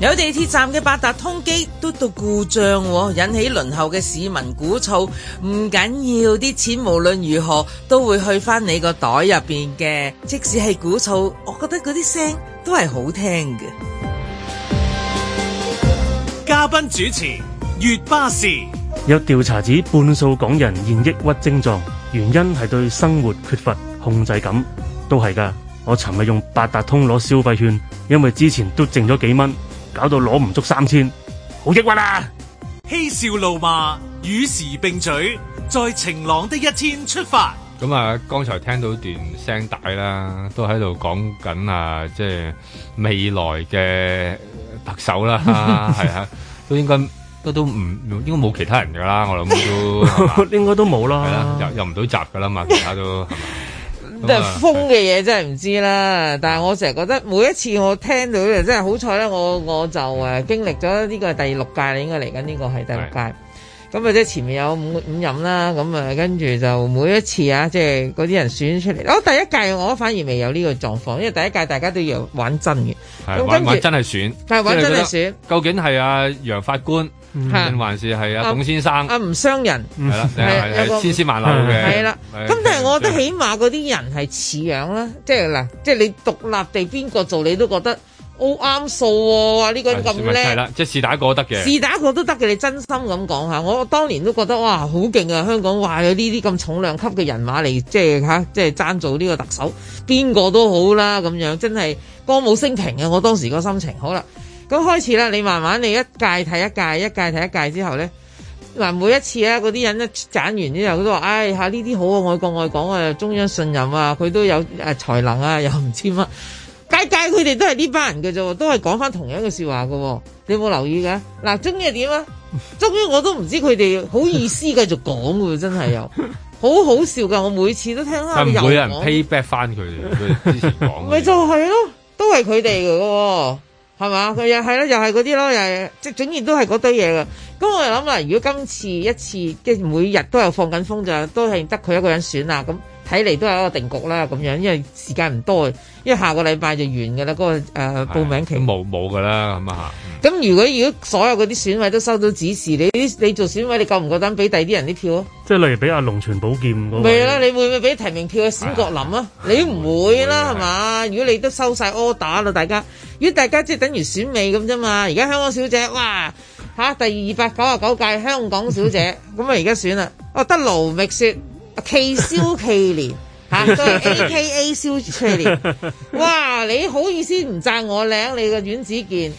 有地鐵站嘅八達通機都到故障喎，引起輪候嘅市民鼓噪。唔緊要，啲錢無論如何都會去翻你個袋入邊嘅。即使係鼓噪，我覺得嗰啲聲都係好聽嘅。嘉賓主持粵巴士有調查指，半數港人現抑鬱症狀，原因係對生活缺乏控制感。都係噶，我尋日用八達通攞消費券，因為之前都剩咗幾蚊。搞到攞唔足三千，好抑鬱啊！嬉笑怒罵，與時並舉，在晴朗的一天出發。咁啊、嗯，剛才聽到段聲帶啦，都喺度講緊啊，即係未來嘅特首啦，係啊， 都應該都都唔應該冇其他人噶啦，我諗都 吧 應該都冇啦，入入唔到閘噶啦嘛，其他都。 即係、嗯、風嘅嘢真係唔知啦，是但係我成日覺得每一次我聽到嘅人真係好彩咧，我我就誒經歷咗呢、這個係第六屆，應該嚟緊呢個係第六屆。咁啊是即係前面有五五飲啦，咁啊跟住就每一次啊，即係嗰啲人選出嚟。我、哦、第一屆我反而未有呢個狀況，因為第一屆大家都要玩真嘅，咁是跟住真係選，但係玩真係選，究竟係阿、啊、楊法官？係，還是係啊，董先生。阿唔傷人，係啦 的，係係千絲萬縷嘅，係啦是的。咁 是的 但係我覺得起碼嗰啲人係似樣啦，的即係嗱，即係你獨立地邊個做你都覺得好啱數喎，呢、這個咁叻。係啦，即係試打過得嘅。試打過都得嘅，你真心咁講下。我當年都覺得哇，好勁啊！香港哇，有呢啲咁重量級嘅人馬嚟，即係吓，即係爭做呢個特首，邊個都好啦，咁樣真係歌舞升平啊！我當時個心情好啦。好咁開始啦，你慢慢你一屆睇一屆，一屆睇一屆之後咧，嗱每一次咧、啊，嗰啲人咧揀完之後，佢都話，唉、哎，嚇呢啲好啊，愛國愛港啊，中央信任啊，佢都有誒、啊、才能啊，又唔知乜，屆屆佢哋都係呢班人嘅啫，都係講翻同樣嘅説話嘅。你有冇留意嘅？嗱、啊，終於係點咧？終於我都唔知佢哋好意思 繼續講嘅喎，真係又好好笑噶！我每次都聽翻，唔會有人 pay back 翻佢哋佢之前講咪 就係咯，都係佢哋嘅喎。係嘛？佢又係囉，又係嗰啲咯，又係即係總然都係嗰堆嘢㗎。咁我又諗啦，如果今次一次即係每日都，放都有放緊風，就都係得佢一個人選啦咁。睇嚟都係一個定局啦，咁樣，因為時間唔多，因為下個禮拜就完嘅啦。嗰、那個誒、呃、報名期冇冇嘅啦，係嘛嚇。咁如果如果所有嗰啲選委都收到指示，你你做選委，你夠唔夠膽俾第二啲人啲票啊？即係例如俾阿龍泉寶劍嗰個。唔係啦，你會唔會俾提名票去冼國林啊？ 你唔會啦，係嘛？ 如果你都收晒 order 啦，大家，如果大家即係等於選美咁啫嘛。而家香港小姐哇嚇第二百九十九屆香港小姐，咁啊而家選啦，哦得盧力説。 氣消氣連吓、啊、，都係 A K A 消氣連，哇！你好意思唔讚我靚？你個丸子劍，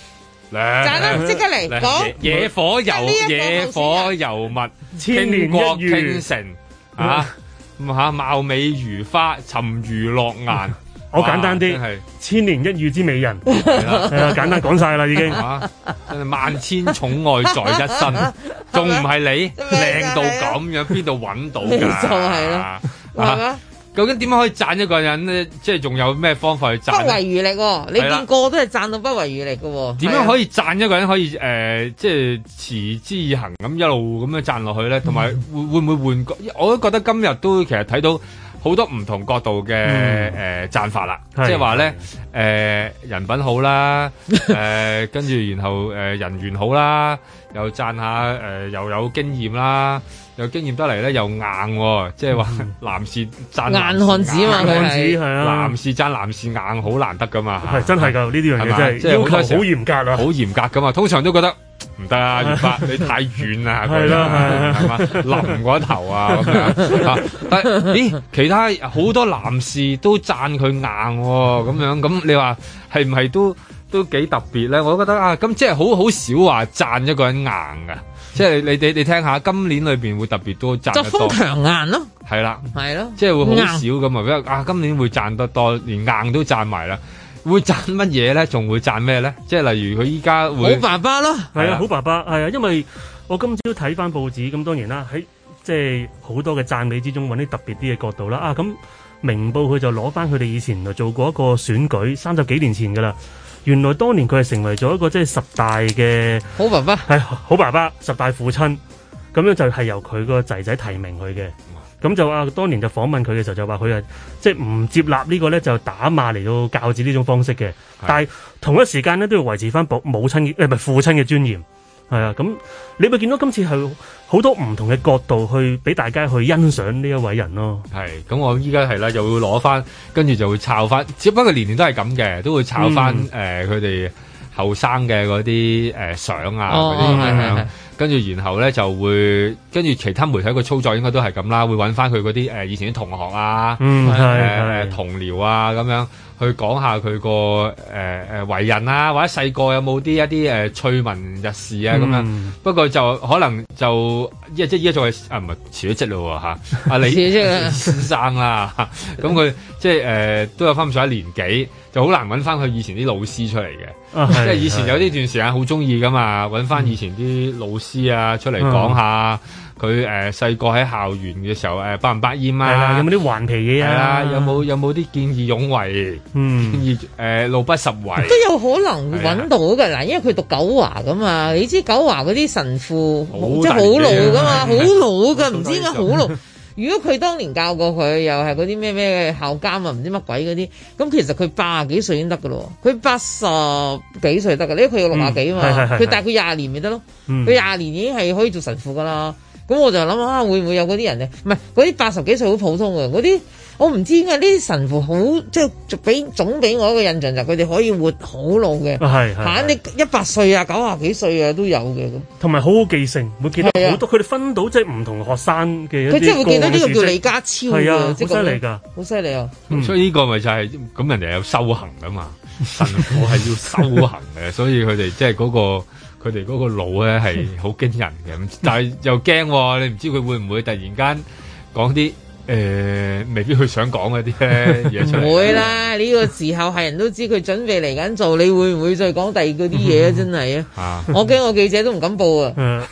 讚啦， 即刻嚟講野火油，啊、野火油墨，啊、千年一遇，吓咁吓貌美如花，沉魚落雁。 我簡單啲，千年一遇之美人，係啦、 啊，簡單講晒啦已經。啊，萬千寵愛在一身，仲唔係你靚、 啊、到咁樣，邊度揾到㗎、啊？ 就係咯了，究竟點樣可以讚一個人咧？即係仲有咩方法去讚？不遺餘力、哦、你見個都係讚到不遺餘力嘅喎、哦。點樣可以讚一個人可以誒？即係持之以恒咁一路咁樣讚落去咧？同埋 會會唔會換？我都覺得今日都其實睇到。.好多唔同角度嘅誒讚法啦，即係話咧誒人品好啦，誒跟住然後誒人緣好啦，又讚下誒又有經驗啦，又經驗得嚟咧又硬，即係話男士讚硬漢子嘛，硬漢子係啊，男士讚男士硬好難得㗎嘛，係真係㗎，呢啲樣嘢真係要求好嚴格啊，好嚴格㗎嘛，通常都覺得。唔得啊！袁發，你太軟啦，係嘛，淋個頭啊咁樣。但係咦，其他好多男士都讚佢硬喎，哦，咁樣咁你話係唔係都都幾特別咧？我覺得啊，咁即係好好少話讚一個人硬嘅， 即係你你你聽下，今年裏邊會特別多 讚得多。就強硬咯，係啦，係咯，即係會好少咁啊！啊，今年會讚得多，連硬都讚埋啦。會讚乜嘢咧？仲會讚咩咧？即係例如佢依家會好爸爸啦，係啊，好爸爸，係啊，因為我今朝睇翻報紙，咁當然啦，喺即係好多嘅讚美之中揾啲特別啲嘅角度啦。啊，咁、嗯、明報佢就攞翻佢哋以前就做過一個選舉，三十幾年前噶啦，原來當年佢係成為咗一個即係十大嘅好爸爸，係、啊、好爸爸十大父親，咁樣就係由佢個仔仔提名佢嘅。咁就啊，當年就訪問佢嘅時候就話佢係，即係唔接納呢個咧，就打罵嚟到教仔呢種方式嘅。是但係同一時間咧，都要維持翻母母親誒唔係父親嘅尊嚴。係啊，咁你咪見到今次係好多唔同嘅角度去俾大家去欣賞呢一位人咯。係，咁我依家係啦，又會攞翻跟住就會摷翻，只不過年年都係咁嘅，都會摷翻誒佢哋後生嘅嗰啲誒相啊啲咁、哦跟住，然後咧就會跟住其他媒體嘅操作，應該都係咁啦。會搵返佢嗰啲誒以前啲同學啊、誒同僚啊咁樣。去講下佢個誒誒為人啊，或者細個有冇啲一啲誒、呃、趣聞逸事啊咁樣。嗯、不過就可能就依即依家仲係啊唔係辭咗職咯嚇，阿、啊啊、李先生啦。咁佢即係誒都有返咁上下年紀，就好難揾返佢以前啲老師出嚟嘅。即係、啊、以前有呢段時間好中意㗎嘛，揾返以前啲老師啊出嚟講下。嗯嗯。佢誒細個喺校園嘅時候誒百唔百厭啊？有冇啲頑皮嘢啊？有冇有冇啲見義勇為？嗯，見義，誒路不拾遺都有可能揾到嘅嗱，因為佢讀九華嘅嘛，你知九華嗰啲神父即係好老嘅嘛，好老嘅，唔知點解好老。如果佢當年教過佢，又係嗰啲咩咩嘅校監啊，唔知乜鬼嗰啲，咁其實佢八啊幾歲先得嘅咯？佢八十幾歲得嘅，因為佢有六啊幾嘛，佢大佢廿年咪得咯？佢廿年已經係可以做神父嘅啦。咁我就諗下、啊、會唔會有嗰啲人咧？唔係嗰啲八十幾歲好普通嘅，嗰啲我唔知嘅。呢啲神父好，即係俾總俾我一個印象就係佢哋可以活好老嘅，吓啲一百歲啊、九十幾歲啊,歲啊都有嘅咁。同埋好好記性，會記到好多。佢哋、啊、分到即係唔同學生嘅。佢即係會記到呢個叫李家超，係啊，好犀利噶，好犀利啊！所以呢、嗰個咪就係咁，人哋有修行噶嘛，神父係要修行嘅，所以佢哋即係嗰個。佢哋嗰個腦咧係好驚人嘅，但係又驚，你唔知佢會唔會突然間講啲誒，未必佢想講嗰啲嘢出嚟。唔會啦，呢個時候係人都知佢準備嚟緊做，你會唔會再講第二嗰啲嘢？真係啊！我驚我記者都唔敢報啊！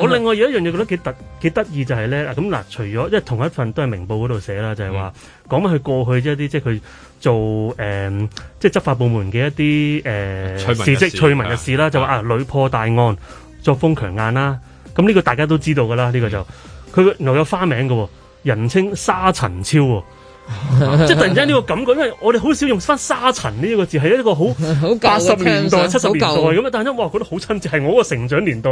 我另外有一樣嘢覺得幾得幾得意，就係咧，咁嗱，除咗因為同一份都係明報嗰度寫啦，就係話講緊佢過去啫，啲即係佢。做誒、嗯、即係執法部門嘅一啲誒、嗯、事蹟、趣聞嘅事啦，就話啊，屢說、啊、破大案，作風強硬啦。咁呢個大家都知道㗎啦，呢、嗯、個就佢個又有花名㗎，人稱沙塵超、哦。 即係突然之間呢個感覺，因為我哋好少用翻沙塵呢一個字，係一個好好八十年代、七十年代咁 的但係我又覺得好親切，係我個成長年代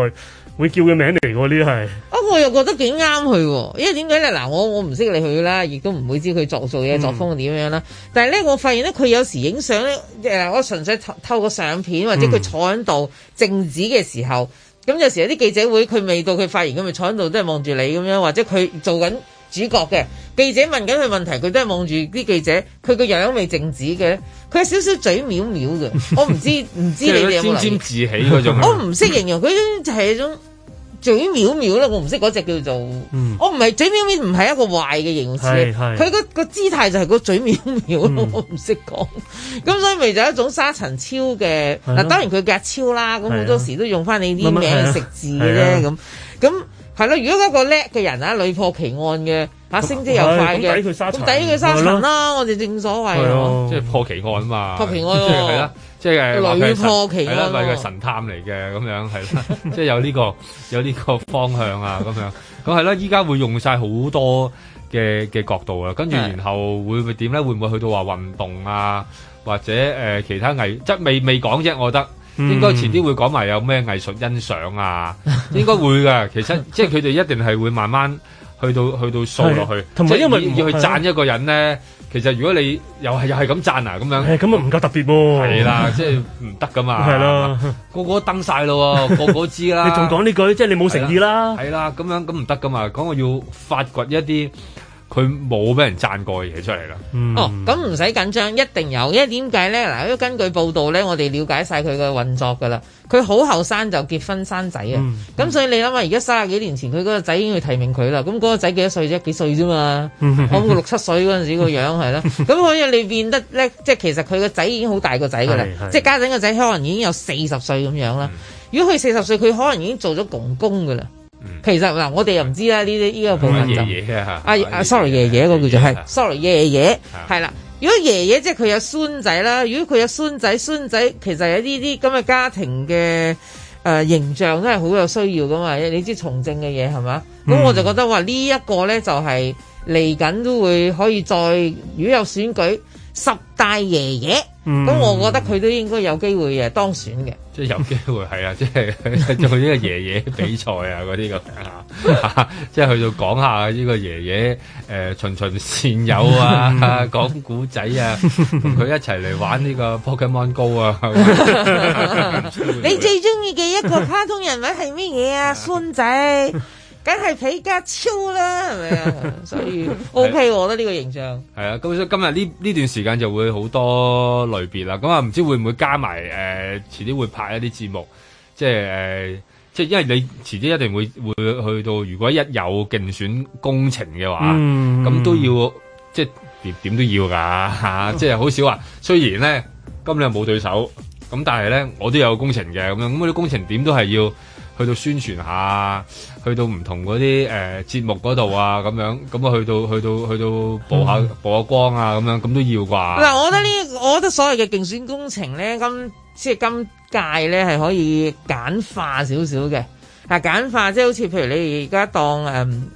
會叫嘅名嚟喎，呢係。啊，我又覺得幾啱佢，因為點解咧？嗱，我我唔識你去啦，亦都唔會知佢作做嘢、嗯、作風係點樣啦。但係咧，我發現咧，佢有時影相咧，誒、呃，我純粹透過相片，或者佢坐喺度靜止嘅時候，咁有時有啲記者會，佢未到佢發言咁，咪坐喺度都係望住你咁樣，或者佢做緊。.主角嘅記者問緊佢問題，佢都係望住啲記者，佢個樣未靜止嘅，佢有少少嘴藐藐嘅，我唔知唔 知，知你哋有冇沾 自喜嗰種， 我唔識形容，佢就係一種嘴藐藐啦。我唔識嗰隻叫做，我唔係嘴藐藐，唔係一個壞嘅形容詞。佢是個姿態就係個嘴藐藐、 嗯、我唔識講。咁所以咪就係一種沙塵超嘅嗱，是啊、當然佢嘅超啦。咁好多時都用翻你啲名嚟食字嘅啫咁咁。係咯，如果一個叻嘅人啊，屢破奇案嘅，吓升得又快嘅，咁抵佢沙塵，啊、啦，我哋正所謂，啦即係破奇案啊嘛，破奇案係、就是、啦，即係屢破奇案，係啦，咪個神探嚟嘅咁樣，係啦，即係 有呢、這個有呢個方向啊，咁樣，咁係咯，依家會用晒好多嘅嘅角度啊，跟住然後會會點咧？會唔會去到話運動啊，或者誒、呃、其他藝，即係未未講啫，我覺得。應該遲啲會講埋有咩藝術欣賞啊，應該會噶。其實即係佢哋一定係會慢慢去到去到數落去。同埋因為要去讚一個人咧，的其實如果你又係又係咁讚啊，咁樣咁啊唔夠特別喎。係啦，即係唔得噶嘛。係啦的、啊，個個都登晒咯，個個知啦。 你仲講呢句，即係你冇誠意啦。係啦，咁樣咁唔得噶嘛。講我要發掘一啲。佢冇俾人讚過嘅嘢出嚟啦。嗯、哦，咁唔使緊張，一定有。因為點解咧？嗱，根據報道咧，我哋了解晒佢嘅運作噶啦。佢好後生就結婚生仔啊。咁、嗯嗯、所以你諗下，而家卅幾年前佢嗰個仔已經去提名佢啦。咁嗰個仔幾多歲啫？幾歲啫嘛？嗯、我諗佢六七歲嗰陣時個樣係啦。咁可以你變得咧，即係其實佢個仔已經好大個仔噶啦。即係家陣個仔可能已經有四十歲咁樣啦。嗯、如果佢四十歲，佢可能已經做咗公公噶啦。其實嗱，我哋又唔知啦，呢啲呢個部分就阿阿、嗯、sorry，爺爺嗰個叫做係 sorry，爺爺係啦。如果爺爺即係佢有孫仔啦，如果佢有孫仔，孫仔其實有呢啲咁嘅家庭嘅誒、呃、形象都係好有需要噶嘛。你知從政嘅嘢係嘛？咁、嗯、我就覺得話、這個、呢一個咧就係嚟緊都會可以再，如果有選舉。十大爺爺，咁、嗯、我覺得佢都應該有機會誒當選嘅。即係有機會係 啊！即、就、係、是、做呢個爺爺比賽啊嗰啲咁，即係去到講下呢個爺爺誒循循善友啊，講古仔啊，同佢、啊、一齊嚟玩呢個 Pokemon、ok、Go 啊！啊 你最中意嘅一個卡通人物係乜嘢啊，孫仔？梗係比卡超啦，係咪啊？所以 OK 喎，我覺得呢個形象係 啊。咁所以今日呢呢段時間就會好多類別啦。咁啊，唔知會唔會加埋誒，遲、呃、啲會拍一啲節目，即係誒，即係因為你遲啲一,一定會會去到。如果一有競選工程嘅話，咁、mm hmm. 都要即係點點都要㗎嚇。即係好少話。 雖然咧，今日冇對手，咁但係咧，我都有工程嘅咁樣。咁、嗯、啲工程點都係要。去到宣傳下，去到唔同嗰啲誒節目嗰度啊，咁樣咁啊，去到去到去到曝下曝下光啊，咁樣咁都要啩？嗱、嗯，我覺得呢，我覺得所謂嘅競選工程咧，今即係今屆咧係可以簡化少少嘅，啊，簡化即係、就是、好似譬如你而家當誒、嗯，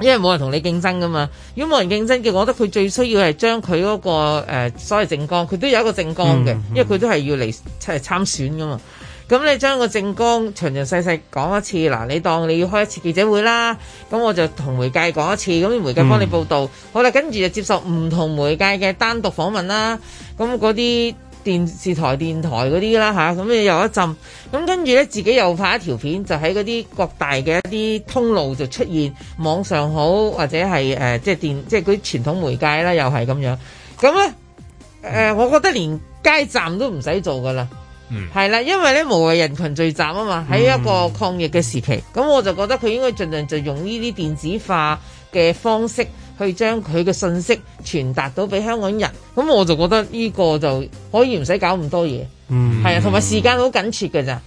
因為冇人同你競爭噶嘛，如果冇人競爭嘅，我覺得佢最需要係將佢嗰個誒、呃、所謂政綱，佢都有一個政綱嘅，嗯嗯、因為佢都係要嚟誒參選噶嘛。咁你將個政綱詳詳細細講一次嗱，你當你要開一次記者會啦，咁我就同媒介講一次，咁啲媒介幫你報道，嗯、好啦，跟住就接受唔同媒介嘅單獨訪問啦，咁嗰啲電視台、電台嗰啲啦吓，咁、啊、你又一浸。咁跟住咧自己又拍一條片，就喺嗰啲各大嘅一啲通路就出現，網上好或者係誒、呃、即係電即係啲傳統媒介啦，又係咁樣，咁咧誒，我覺得連街站都唔使做㗎喇。係啦、嗯，因為咧無謂人群聚集啊嘛，喺一個抗疫嘅時期，咁、嗯、我就覺得佢應該盡量就用呢啲電子化嘅方式去將佢嘅信息傳達到俾香港人，咁我就覺得呢個就可以唔使搞咁多嘢，係、嗯、啊，同埋時間好緊切噶咋，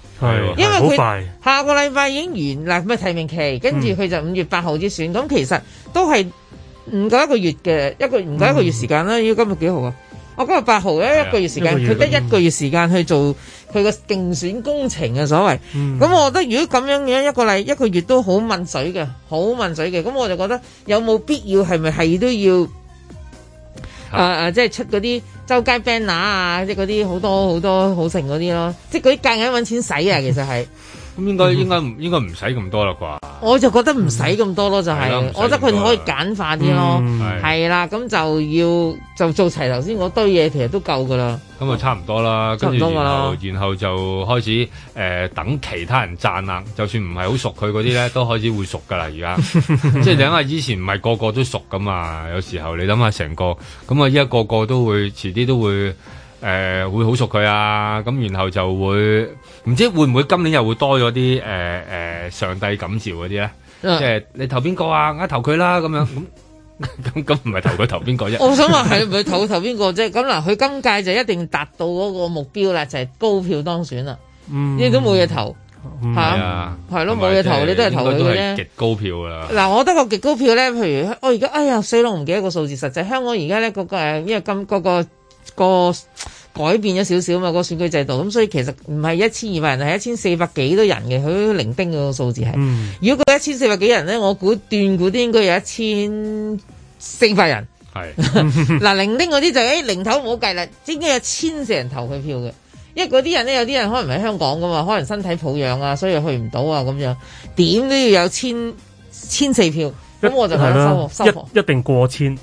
因為佢下個禮拜已經完啦，咁咪提名期，跟住佢就五月八號之選，咁、嗯、其實都係唔夠一個月嘅，一個唔夠一個月時間啦，要、嗯、今日幾號啊？我今日八號咧，一個月時間，佢得、啊、一個月時間去做佢個競選工程嘅所謂。咁、嗯、我覺得如果咁樣嘅一個禮一個月都好問水嘅，好問水嘅。咁我就覺得有冇必要係咪係都要啊的、呃 er、啊！即係出嗰啲周街 banner 啊，即係嗰啲好多好多好剩嗰啲咯，即係嗰啲夾硬揾錢使啊，其實係。 咁應該應該應該唔使咁多啦啩？我就覺得唔使咁多咯、嗯，就係我覺得佢可以簡化啲咯、嗯，係啦的，咁就要就做齊頭先嗰堆嘢，其實都夠噶啦。咁啊、嗯，差唔多啦，跟住然後然後就開始誒、呃、等其他人讚啦。就算唔係好熟佢嗰啲咧， 都開始會熟噶啦。而家 即係你諗下，以前唔係個個都熟噶嘛？有時候你諗下成個咁啊，依一個個都會遲啲都會。誒、呃，會好熟佢啊，咁然後就會唔知會唔會今年又會多咗啲誒誒上帝感召嗰啲咧，即係你投邊個啊，啱投佢啦，咁樣咁咁咁唔係投佢投邊個啫？我想話係唔係投佢投邊個啫？咁嗱，佢今屆就一定達到嗰個目標啦，就係、是、高票當選啦，你、嗯、都冇嘢投吓，係咯，冇嘢投，投你投都係投佢啫。極高票啦，嗱，我覺得個極高票咧，譬如我而家哎呀死咯，唔、哎哎哎哎、記得、個數字實際。香港而家咧嗰個誒，因為今、這個。個改變咗少少嘛，個選舉制度，咁所以其實唔係一千二百人，係一千四百幾多人嘅，佢零丁個數字係。嗯、如果佢一千四百幾人咧，我估斷估啲應該有一千四百人。係嗱是 零丁嗰啲就誒零頭冇計啦，應該有千四人投佢票嘅。因為嗰啲人咧，有啲人可能唔喺香港噶嘛，可能身體抱恙啊，所以去唔到啊咁樣，點都要有千千四票，咁一我就收貨收婆 一定過千。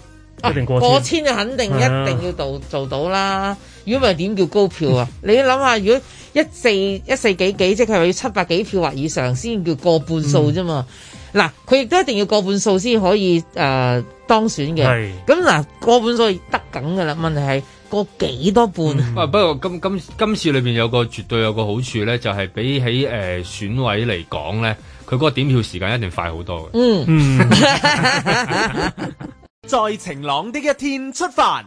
啊、一定過千，過千就肯定一定要做，啊、做到啦。如果唔係，點叫高票啊？ 你諗下，如果一四一四幾幾，即係要七百幾票或以上，先叫過半數啫嘛。嗱、嗯，佢亦都一定要過半數先可以誒，呃、當選嘅。係咁嗱，過半數得緊噶啦。問題係過幾多半，嗯、 不，不過今今今，今次裏邊有個絕對有個好處咧，就係、是，比起誒，呃、選委嚟講咧，佢嗰個點票時間一定快好多嘅。嗯。 在晴朗的一天出發，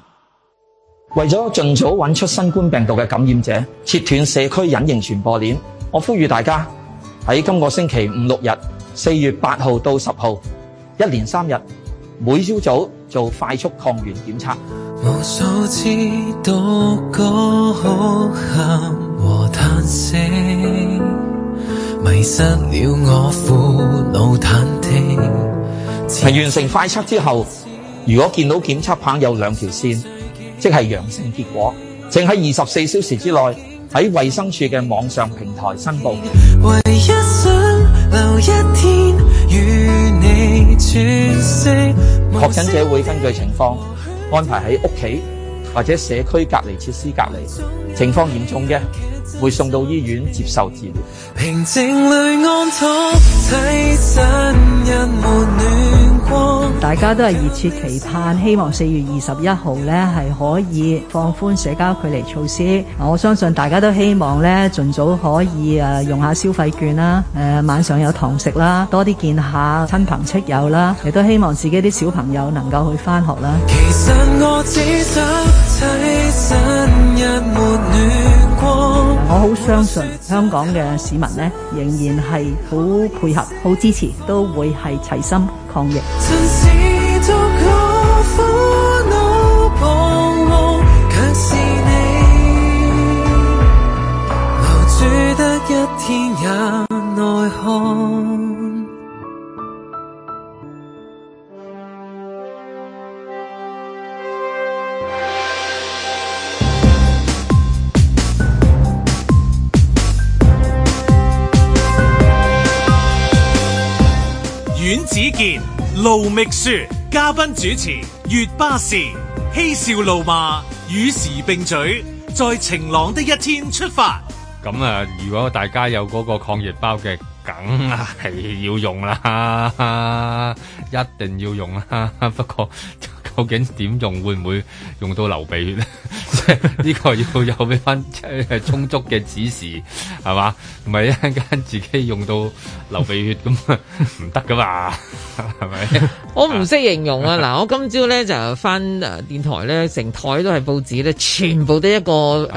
為咗盡早揾出新冠病毒嘅感染者，切斷社區隱形傳播鏈，我呼籲大家喺今個星期五六日，四月八號到十號，一連三日，每朝早做快速抗原檢測。無數次都好嘆和嘆息，迷失了我父老。忐忑。係完成快測之後。如果見到檢測棒有兩條線，即係陽性結果，請喺二十四小時之內喺衛生署嘅網上平台申報。確診 者會根據情況安排喺屋企或者社區隔離設施隔離。情況嚴重嘅，會送到醫院接受治療。大家都係熱切期盼，希望四月二十一號呢係可以放寬社交距離措施。我相信大家都希望呢，盡早可以誒、啊、用下消費券啦，誒、啊、晚上有堂食啦，多啲見下親朋戚友啦，亦、啊、都希望自己啲小朋友能夠去返學啦。其實我只想睇。我好相信香港嘅市民呢，仍然係好配合、好支持，都會係齊心抗疫，留住得一天也阮子健、盧覓雪，嘉賓主持，月巴士，嬉笑怒罵，與時並舉，在晴朗的一天出發。咁啊，如果大家有嗰個抗疫包嘅梗啊，係要用啦，一定要用啦。不過，究竟點用會唔會用到流鼻血咧？即係呢個要有畀翻充足嘅指示係嘛，唔係一陣間自己用到流鼻血咁唔得噶嘛，係咪？我唔識形容啊！嗱，我今朝咧就翻啊電台咧，成枱都係報紙咧，全部都一個誒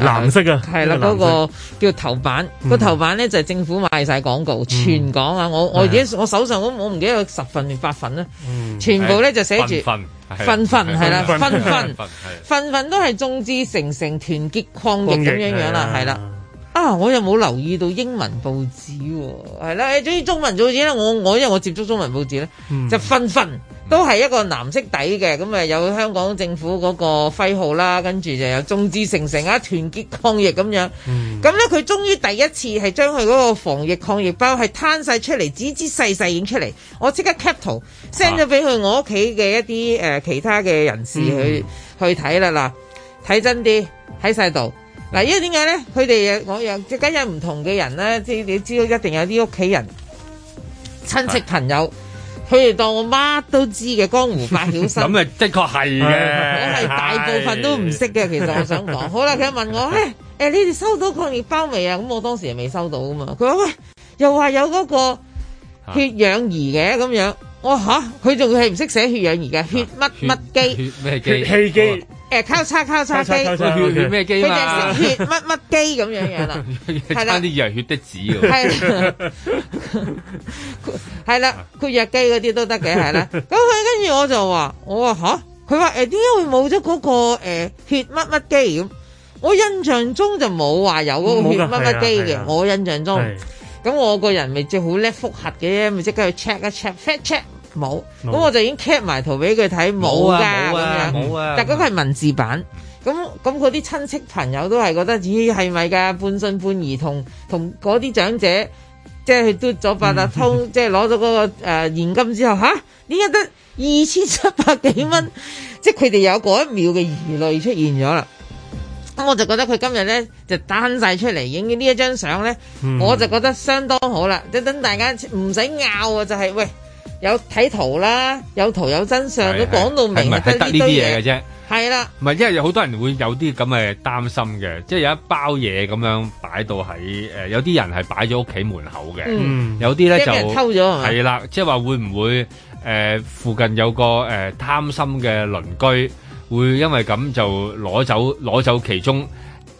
藍色啊，係啦，嗰個叫頭版，個頭版咧就係政府賣晒廣告，全港啊！我我已經我手上我我唔記得有十份八份啦，全部咧就寫住。分分係啦，分分分分都係眾志成城、團結抗疫咁樣樣啦，係啦。啊，我又冇留意到英文報紙，係啦，總之中文報紙咧。我我因為我接觸中文報紙咧，就分分。都係一個藍色底嘅，咁咪有香港政府嗰個徽號啦，跟住就有眾志成城啊，團結抗疫咁樣。咁、嗯、呢，佢終於第一次係將佢嗰個防疫抗疫包係攤晒出嚟，仔仔細細影出嚟。我即刻 cap 圖 send 咗俾佢我屋企嘅一啲誒、呃、其他嘅人士去、啊、去睇啦嗱，睇真啲睇曬度嗱，嗯、因為點解呢？佢哋我又即緊有唔同嘅人呢，即係你知道一定有啲屋企人親戚朋友。啊佢哋當我乜都知嘅江湖百曉生，咁啊，的確係嘅。我係大部分都唔識嘅，其實我想講。好啦，佢又問我，誒，誒，你哋收到抗疫包未啊？咁我當時又未收到噶嘛。佢話喂，又話有嗰個血氧儀嘅咁樣。我吓，佢仲係唔識寫血氧儀嘅血乜乜機？血咩機？血氣機。誒，交叉交叉機，咩機血乜乜機咁樣樣啦，係啦啲熱血的子，係啦，血藥機嗰啲都得嘅，係啦。咁佢跟住我就話，我話吓，佢話，誒，點解會冇咗嗰個誒血乜乜機咁？我印象中就冇話有嗰個血乜乜機嘅，我印象中。咁的、嗯、我個人咪即好叻複核嘅，啫，咪即刻去 check、去 check、fit check。冇，咁有我就已經 cut 埋圖俾佢睇，冇㗎、啊，咁樣，啊、但嗰個係文字版，咁咁嗰啲親戚朋友都係覺得，咦係咪㗎？半信半疑同同嗰啲長者，即係去嘟咗八達通，即係攞咗嗰個誒、呃、現金之後，吓、啊，點解得二千七百幾蚊？即係佢哋有嗰一秒嘅疑慮出現咗啦。咁我就覺得佢今日咧就單晒出嚟影呢一張相咧，嗯、 我就覺得相當好啦。即等大家唔使拗啊，就係、是、喂。有睇圖啦，有圖有真相，都講到明。係係得呢啲嘢嘅啫？係啦的。唔係，因為有好多人會有啲咁嘅擔心嘅，即係有一包嘢咁樣擺到喺誒，有啲人係擺咗屋企門口嘅，嗯、有啲咧就偷咗係啦，即係話會唔會誒、呃、附近有個誒、呃、貪心嘅鄰居會因為咁就攞走攞走其中。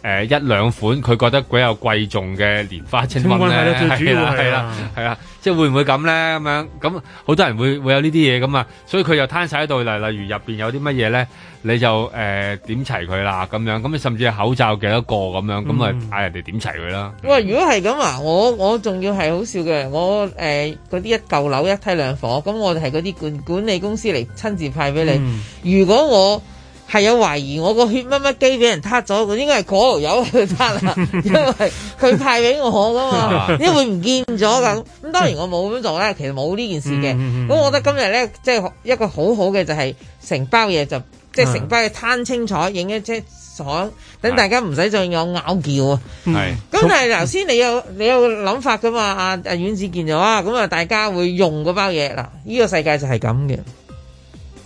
誒、呃、一兩款，佢覺得鬼有貴重嘅蓮花清瘟咧，係啦係啦，即係會唔會咁咧？咁樣咁好多人會會有呢啲嘢咁啊，所以佢就攤晒喺度，例例如入邊有啲乜嘢咧，你就誒、呃、點齊佢啦，咁樣咁你甚至係口罩幾多個咁樣，咁咪嗌人哋點齊佢啦。喂，如果係咁啊，我我仲要係好笑嘅，我誒嗰啲一舊樓一梯兩房，咁我哋係嗰啲管管理公司嚟親自派俾你。嗯、如果我係有懷疑我什麼什麼，我個血乜乜機俾人撻咗，佢應該係嗰條友去撻啦，因為佢派俾我噶嘛， 因為唔見咗咁。咁當然我冇咁做咧，其實冇呢件事嘅。咁、嗯嗯、我覺得今日咧，即、就、係、是、一個好好嘅就係成包嘢，就即係成包嘢攤清楚，影的一即係等大家唔使再有拗撬的啊。係。咁但係頭先你有你有諗法噶嘛？阿阿阮子健咗啊，咁啊，大家會用嗰包嘢嗱，呢、這個世界就係咁嘅。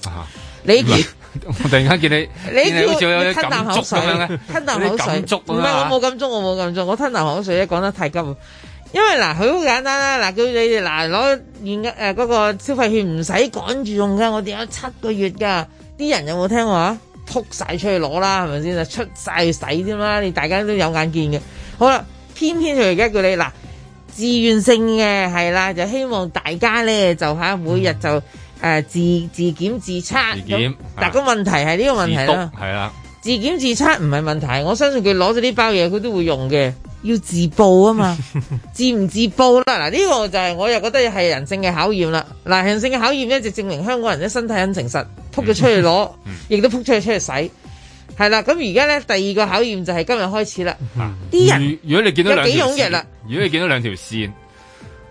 啊，你。 我 突然間見你，你點解要吞啖口水嘅？吞啖口水，唔係我冇咁足，我冇咁足，我吞啖口水咧，講得太急。因為嗱，佢好簡單啦，嗱，叫你哋嗱攞現誒嗰個消費券唔使趕住用噶，我哋有七個月噶，啲人有冇聽話啊？撲晒出去攞啦，係咪先啊？出晒去使添啦，你大家都有眼見嘅。好啦，偏偏佢而家叫你嗱自願性嘅係啦，就希望大家咧就吓每日就。嗯誒、呃，自自檢自測檢，但問個問題係呢個問題啦，係啦，自檢自測唔係問題，我相信佢攞咗呢包嘢，佢都會用嘅，要自報啊嘛， 自唔自報啦？嗱，呢個就係、是、我又覺得係人性嘅考驗啦。嗱，人性嘅考驗咧，就證明香港人嘅身體很誠實，撲咗出去攞，亦 都撲出去出去洗，係啦。咁而家咧，第二個考驗就係今日開始啦。啲 人，如果你見到兩條線嘅啦，如果你見到兩條線， 你,條線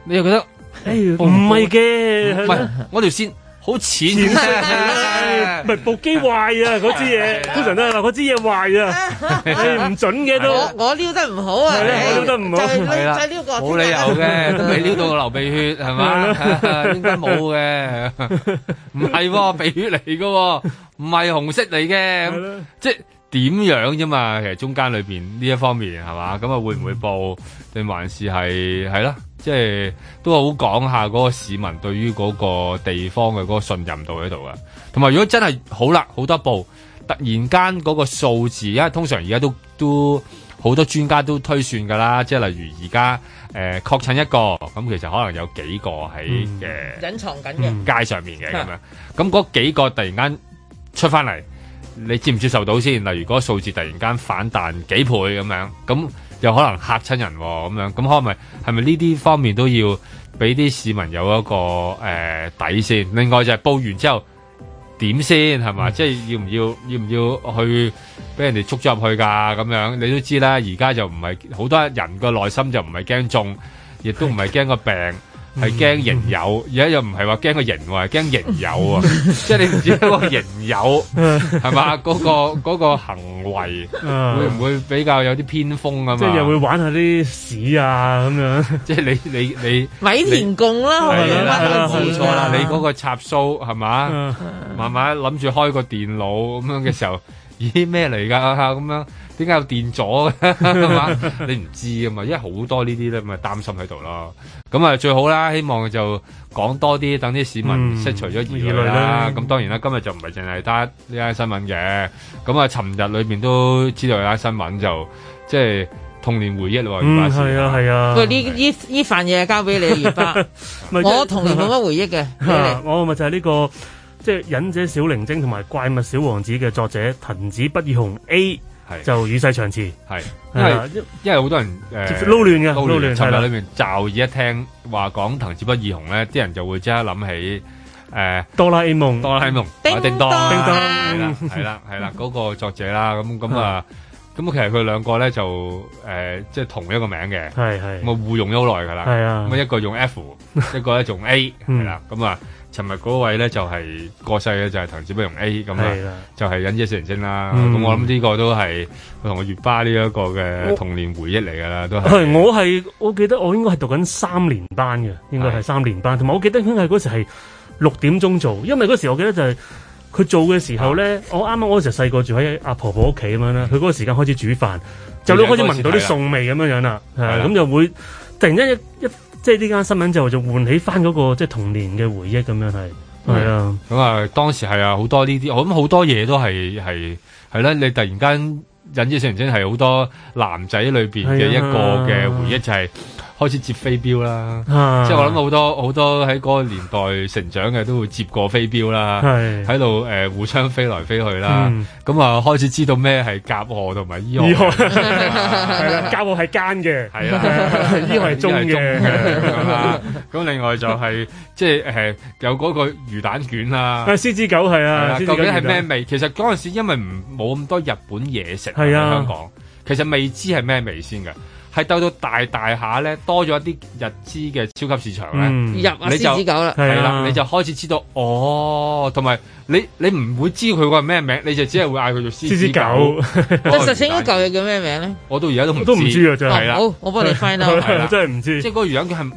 你又覺得。哎，唔係嘅，唔係我條線好淺，唔係部機壞啊！嗰支嘢通常都係嗱，嗰支嘢壞啊，係唔準嘅都。我撩得唔好啊，我撩得唔好係啦，冇理由嘅，都未撩到我流鼻血係嘛，應該冇嘅，唔係鼻血嚟噶，唔係紅色嚟嘅，即係點樣啫嘛？其實中間裏邊呢一方面係嘛，咁啊會唔會報定還是係係啦？即係都好講下嗰個市民對於嗰個地方嘅嗰個信任度喺度啊，同埋如果真係好啦，好多部突然間嗰個數字，因為通常而家都都好多專家都推算㗎啦，即係例如而家誒確診一個，咁其實可能有幾個喺嘅、嗯呃、隱藏緊嘅街上面嘅咁樣，咁嗰、啊、幾個突然間出返嚟，你接唔接受到先？例如嗰個數字突然間反彈幾倍咁樣，咁。又可能嚇親人咁樣，咁可唔係係咪呢啲方面都要俾啲市民有一個誒底先？另外就係報完之後點先係嘛？即係要唔要要唔要去俾人哋捉咗入去㗎咁樣？你都知啦，而家就唔係好多人個內心就唔係驚中，亦都唔係驚個病。係驚型友，而家又唔係話驚個型，係驚型友啊！ 即係你唔知嗰個型友係嘛？嗰、 嗰個、嗰個行為會唔會比較有啲偏鋒啊？即係又會玩下啲屎啊咁樣，即係你你你米田共啦，係咪？冇錯啦！你嗰個插蘇係嘛？ 慢慢諗住開個電腦咁樣嘅時候，咦咩嚟噶咁樣？點解有電咗嘅？你唔知啊嘛，因為好多呢啲咧，咁咪擔心喺度咯。咁啊，最好啦，希望就講多啲，等啲市民釋除咗疑慮啦。咁當然啦，今日就唔係淨係得呢單新聞嘅。咁啊，尋日裏面都知道有一單新聞，就即係童年回憶咯。嗯，係啊，係啊。喂，呢呢呢份嘢交俾你，我童年冇乜回憶嘅。我咪就係呢個即係忍者小靈精同埋怪物小王子嘅作者藤子不二雄 A。就與世長辭，係，因為因為好多人誒撈亂嘅，撈亂，琴日裏面驟耳一聽話講藤子不二雄咧，啲人就會即刻諗起誒哆啦 A 夢，哆啦 A 夢，叮當，叮當，係啦，係啦，係啦，嗰個作者啦，咁咁啊，咁啊其實佢兩個咧就誒即係同一個名嘅，係係，咁啊互用咗好耐噶啦，係啊，咁啊一個用 F，一個咧用 A，係啦，咁啊。尋日嗰位咧就係、是、過世咧，就係藤子不二雄 A 咁啊的，就係忍者小靈精啦。咁、嗯、我諗呢個都係同我粵巴呢一個嘅童年回憶嚟噶啦，我都係是。係我係我記得我應該係讀緊三年班嘅，應該係三年班。同埋是的 我記得佢係嗰時係六點鐘做，因為嗰時我記得就係、是、佢做嘅時候咧，我啱啱我嗰時細個住喺阿婆婆屋企咁樣啦，佢嗰個時間開始煮飯，就你開始聞到啲餸味咁樣的樣啦，係咁就會突然間一一。即係呢間新聞就就喚起翻、那、嗰個即係童年嘅回憶咁樣係，係、嗯、啊，咁啊、嗯、當時係啊好多呢啲，我諗好多嘢都係係係咧，你突然間引致成真係好多男仔裏邊嘅一個嘅回憶、啊、就係、是。開始接飛鏢啦，即係我諗好多好多喺嗰個年代成長嘅都會接過飛鏢啦，喺度誒互相飛來飛去啦，咁啊開始知道咩係甲賀同埋伊賀，係啦，甲賀係奸嘅，係啊，伊賀係忠嘅，咁另外就係即係誒有嗰個魚蛋卷啦，獅子狗係啊，究竟係咩味？其實嗰陣時因為唔冇咁多日本嘢食喺香港，其實未知係咩味先㗎。.喺兜到大大下咧，多咗一啲日資嘅超級市場咧，入啊獅子狗啦，係啦了，了你就開始知道哦，同埋你你唔會知佢個咩名，你就只係會嗌佢做獅子狗。但實情嗰嚿嘢叫咩名咧？我到而家都唔都唔知啊，真係啦。好，我幫你 find 啦了。係真係唔知。即係個魚蛋卷係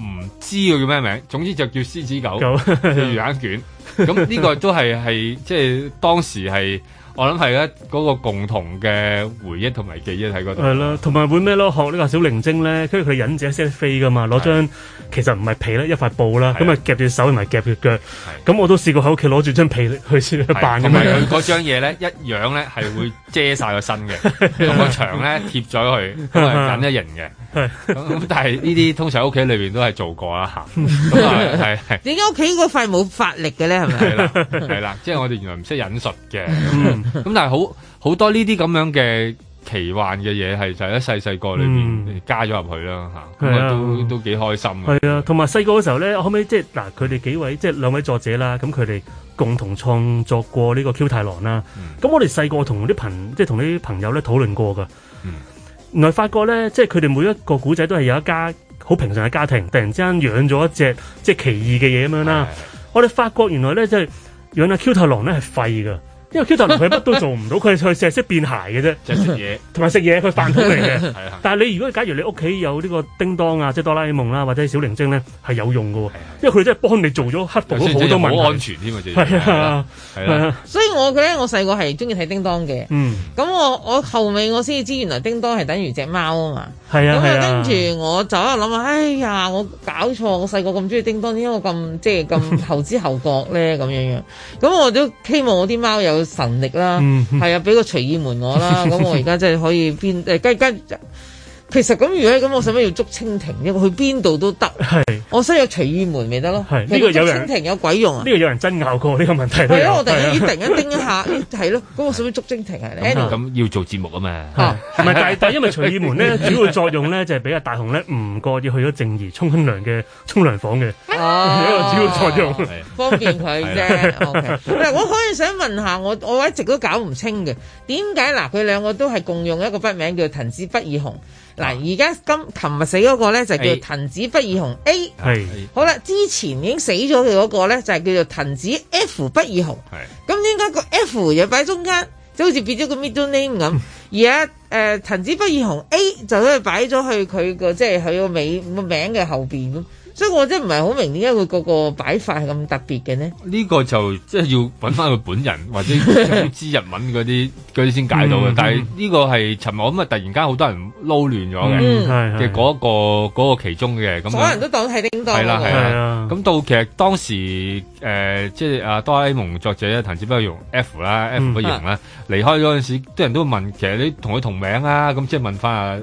唔知佢叫咩名，總之就叫獅子狗嘅狗 魚蛋卷。咁呢個都係係即係當時係。我諗係咧嗰個共同嘅回憶同埋記憶喺嗰度。係啦，同埋會咩咯？學呢個小靈精咧，跟住佢忍者先飛噶嘛，攞張是的 其實唔係皮啦，一塊布啦，咁啊夾住手同埋夾住腳。咁是的 我都試過喺屋企攞住張被去去扮。咁啊，佢嗰張嘢咧，一樣咧係會遮晒個身嘅，同個牆咧貼咗去，咁係緊一形嘅。咁 但係呢啲通常喺屋企裏邊都係做過啦吓，係係點解屋企個塊冇法力嘅咧？係咪係啦，係啦， 即係、就是、我哋原來唔識忍術嘅，咁 但係好好多呢啲咁樣嘅奇幻嘅嘢係就喺細細個裏邊加咗入去啦吓，咁都都，都幾開心嘅。係啊，同埋細個嗰時候咧，可唔可以？即係嗱，佢哋幾位即係兩位作者啦，咁佢哋共同創作過呢個 Q 太郎啦。咁、嗯嗯、我哋細個同啲朋即係同啲朋友咧討論過噶。嗯原來發覺咧，即係佢哋每一個古仔都係有一家好平常嘅家庭，突然之間養咗一隻即係奇異嘅嘢咁樣啦。的我哋發覺原來咧，即係養阿 Q 太郎咧係廢㗎。因為 Q 太龍佢乜都做唔到，佢佢成日識變鞋嘅啫，就食嘢，同埋食嘢，佢飯桶嚟嘅。但係你如果假如你屋企有呢個叮當啊，即係哆啦 A 夢啦，或者小靈精咧，係有用㗎。因為佢真係幫你做咗克服咗好多問題，好安全添啊，係啊，係啊。所以我覺得我細個係中意睇叮當嘅。嗯。咁我我後尾我先至知原來叮當係等於隻貓啊嘛。係啊。咁啊，跟住我就喺度諗哎呀，我搞錯，我細個咁中意叮當，點解我咁即係咁後知後覺咧？咁樣樣。咁我都希望我啲貓有神力啦，係、嗯、哼啊，俾個隨意門我啦，咁 我而家真係可以變誒，跟、呃、跟。其實咁如果咁我使乜要捉蜻蜓因我去邊度都得。係，我身有隨意門咪得咯。係呢個有蜻蜓有鬼用啊？呢個有人爭拗過呢個問題。係咯，我突然間一叮一下，係咯，咁我使唔使捉蜻蜓啊你。Annie 咁要做節目啊嘛。嚇，唔係，但但係因為隨意門咧，主要作用咧就係俾阿大雄咧唔覺意去咗靜宜沖緊涼嘅沖涼房嘅。哦。一個主要作用，方便佢啫。OK，嗱，我可以想問下我，我一直都搞唔清嘅點解嗱，佢兩個都係共用一個筆名叫藤子不二雄。嗱，而家今琴日死嗰個咧就叫藤子不二雄 A，係 A. 好啦，之前已經死咗嘅嗰個咧就係叫做藤子 F 不二雄，係咁點解個 F 又擺中間，就好似變咗個 middle name 咁， 而家誒藤子不二雄 A 就喺度擺咗去佢個即係佢個尾個名嘅後邊咁。所以我真唔係好明點解佢個個擺法係咁特別嘅咧？呢個就即係要揾翻佢本人或者要知日文嗰啲嗰啲先解到嘅。但係呢個係尋日咁啊！突然間好多人撈亂咗嘅，係係嘅嗰個嗰個其中嘅咁。所有人都當係叮當。係啦係啦。咁到其實當時誒，即係阿哆啦 A 夢作者藤子不二雄 F 啦，F 不二雄啦，離開嗰陣時，啲人都問其實你同佢同名啊？咁即係問翻啊，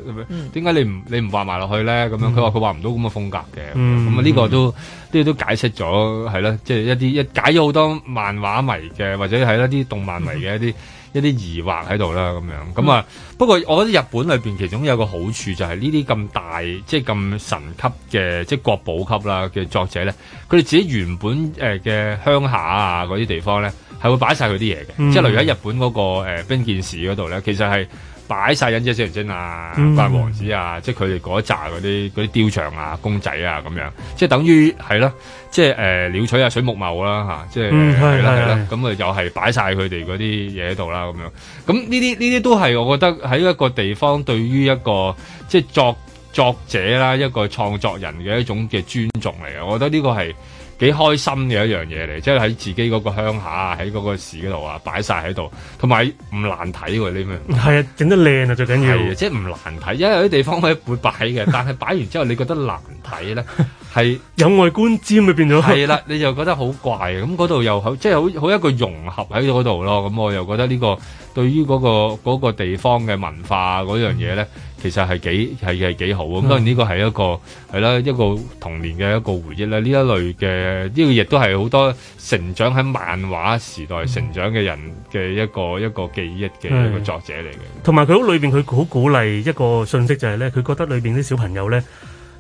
點解你唔你唔畫埋落去咧？咁樣佢話佢畫唔到咁嘅風格嘅。咁啊，呢、嗯、個都都、嗯、都解釋咗，係啦，即、就、係、是、一啲一解咗好多漫畫迷嘅，或者係一啲動漫迷嘅一啲、嗯、一啲疑惑喺度啦，咁樣。咁、嗯、啊，嗯、不過我覺得日本裏邊其中有一個好處就係呢啲咁大，即係咁神級嘅，即、就、係、是、國寶級啦嘅作者咧，佢哋自己原本誒嘅、呃、鄉下啊嗰啲地方咧，係會擺晒佢啲嘢嘅，嗯、即係例如喺日本嗰、那個誒冰見市嗰度咧，其實係。擺晒忍即小人精啊，八王子、呃、啊，即係佢哋嗰扎嗰啲嗰啲雕像啊、公仔啊咁樣，即係等於係咯，即係誒，鳥取啊水木茂啦吓，即係係啦係啦，咁啊又係擺晒佢哋嗰啲嘢喺度啦咁樣，咁呢啲呢啲都係我覺得喺一個地方對於一個即係作作者啦，一個創作人嘅一種嘅尊重嚟嘅，我覺得呢個係。幾開心嘅一樣嘢嚟，即係喺自己嗰個鄉下喺嗰個市嗰度啊，擺晒喺度，同埋唔難睇喎呢樣。係啊，整得靚啊最緊要，即係唔難睇。因為有啲地方可以擺嘅， 但係擺完之後你覺得難睇咧，係 有外觀尖咪變咗係啦，你就覺得好怪嘅。咁嗰度又好，即係好好一個融合喺嗰度咯。咁、嗯、我又覺得呢、呢個對於嗰、嗰個嗰個地方嘅文化嗰樣嘢咧。嗯其實係幾係係幾好啊！咁當然呢個係一個係啦，一個童年嘅一個回憶啦。呢一類嘅呢個亦都係好多成長喺漫畫時代成長嘅人嘅一個一個記憶嘅一個作者嚟嘅。同埋佢屋裏邊佢好鼓勵一個信息就係、是、咧，佢覺得裏邊啲小朋友咧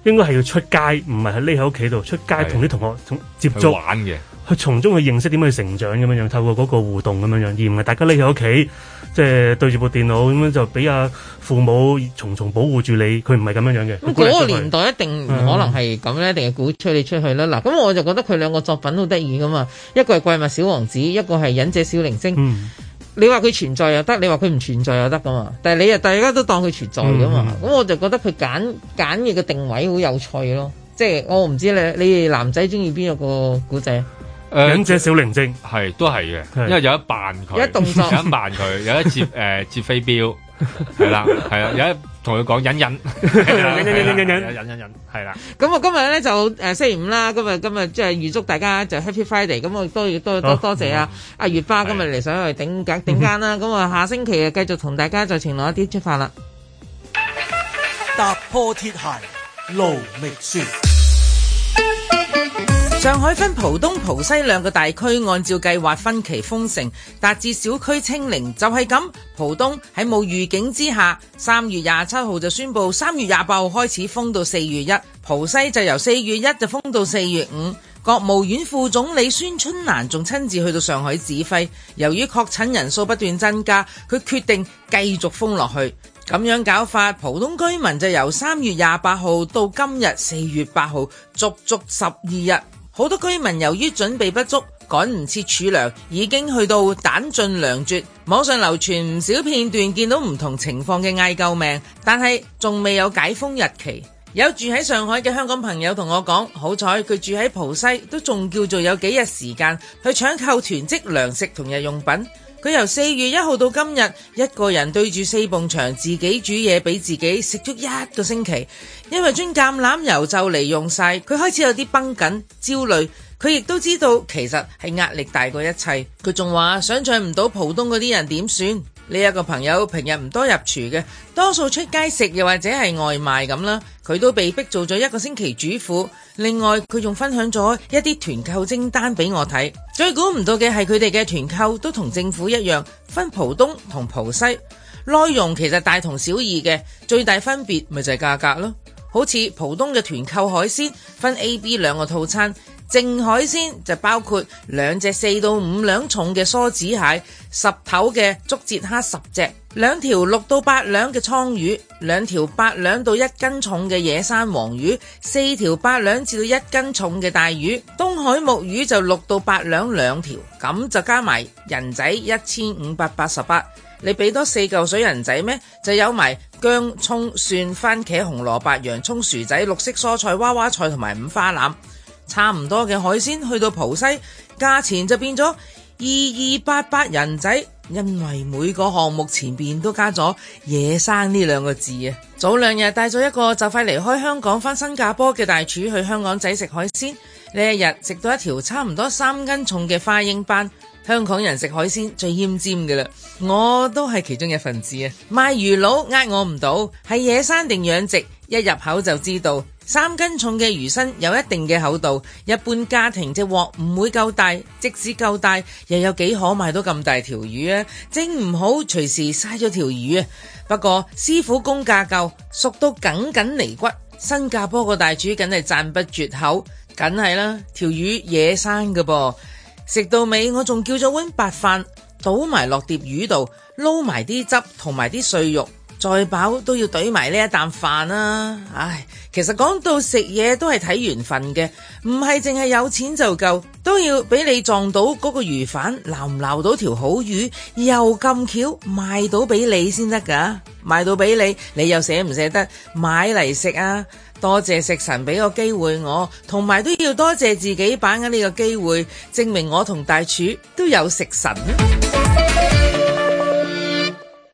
應該係要出街，唔係喺匿喺屋企度，出街同啲同學接觸玩嘅。去從中去認識點樣去成長咁樣樣，透過嗰個互動咁樣樣，而唔係大家匿喺屋企，即、就、係、是、對住部電腦咁樣就俾阿父母重重保護住你。佢唔係咁樣樣嘅。咁嗰個年代一定唔可能係咁咧，嗯、一定係鼓吹你出去啦。嗱，咁我就覺得佢兩個作品好得意噶嘛。一個係《怪物小王子》，一個係《忍者小靈精》嗯你。你話佢存在又得，你話佢唔存在又得噶嘛？但係你又大家都當佢存在噶嘛？咁、嗯、我就覺得佢揀揀嘅定位好有趣咯。即係我唔知你，你哋男仔中意邊個個古仔？忍者小靈精係，都係嘅，因為有一扮佢，動作有一扮佢，有一接誒、 呃、接飛鏢，係啦，係啦，有一同佢講忍忍，忍忍忍忍忍忍忍忍忍忍係啦。咁 我今日咧就誒星期五啦，今日今日即係預祝大家就 Happy Friday。咁我都要，都要多多、哦、多謝阿、啊、阿、嗯啊、月花今日嚟上嚟頂緊頂間啦。咁啊、嗯、哼下星期啊繼續同大家就晴朗一啲出發啦。踏破鐵鞋路覓船。勞上海分浦東、浦西兩個大區，按照計劃分期封城，達至小區清零就係咁。浦東喺冇預警之下，三月廿七號就宣布三月廿八號開始封到四月一；浦西就由四月一就封到四月五。國務院副總理孫春蘭仲親自去到上海指揮，由於確診人數不斷增加，佢決定繼續封落去。咁樣搞法，浦東居民就由三月廿八號到今日四月八號，足足十二日。逐逐好多居民由於準備不足，趕唔切儲糧，已經去到彈盡糧絕。網上流傳唔少片段，見到唔同情況嘅嗌救命，但係仲未有解封日期。有住喺上海嘅香港朋友同我講，好彩佢住喺浦西，都仲叫做有幾日時間去搶購囤積糧食同日用品。佢由四月一號到今日，一個人對住四埲牆，自己煮嘢俾自己食咗一個星期，因為樽橄欖油就嚟用晒，佢開始有啲繃緊、焦慮，佢亦都知道其實係壓力大過一切，佢仲話想象唔到浦東嗰啲人點算。呢一個朋友平日唔多入廚嘅，多數出街食又或者係外賣咁啦。佢都被逼做咗一個星期主婦。另外佢仲分享咗一啲團購清單俾我睇。最估唔到嘅係佢哋嘅團購都同政府一樣分浦東同浦西，內容其實大同小異嘅，最大分別咪就係價格咯。好似浦東嘅團購海鮮分 A、B 兩個套餐。淨海鮮就包括兩隻四到五兩重嘅梭子蟹，十頭嘅竹節蝦十隻，兩條六到八兩嘅鯧魚，兩條八兩到一斤重嘅野生黃魚，四條八兩至到一斤重嘅大魚。東海木魚就六到八兩兩條，咁就加埋人仔一千五百八十八。你俾多四嚿水人仔咩？就有埋薑、蔥、蒜、番茄、紅蘿蔔、洋蔥、薯仔、綠色蔬菜、娃娃菜同埋五花腩。差唔多嘅海鮮去到浦西，價錢就變咗二二八八人仔，因為每個項目前邊都加咗野生呢兩個字啊！早兩日帶咗一個就快離開香港返新加坡嘅大廚去香港仔食海鮮，呢一日食到一條差唔多三斤重嘅花鷹斑，香港人食海鮮最奄尖嘅啦，我都係其中一份子啊！賣魚佬呃我唔到，係野生定養殖，一入口就知道。三斤重嘅魚身有一定嘅厚度，一般家庭隻鑊唔會夠大，即使夠大，又有幾可買到咁大條魚咧？蒸唔好，隨時嘥咗條魚啊！不過師傅工價夠，熟到緊緊離骨，新加坡個大廚梗係讚不絕口，梗係啦！條魚野生㗎噃，食到尾我仲叫咗碗白飯，倒埋落碟魚度，撈埋啲汁同埋啲碎肉。再飽都要懟埋呢一啖飯啊。唉，其實講到食嘢都係睇緣分嘅，唔係淨係有錢就夠，都要俾你撞到嗰個魚販撈唔撈到條好魚，又咁巧賣到俾你先得㗎，賣到俾你，你，你又捨唔捨得買嚟食啊？多謝食神俾個機會我，同埋都要多謝自己把握呢個機會，證明我同大廚都有食神。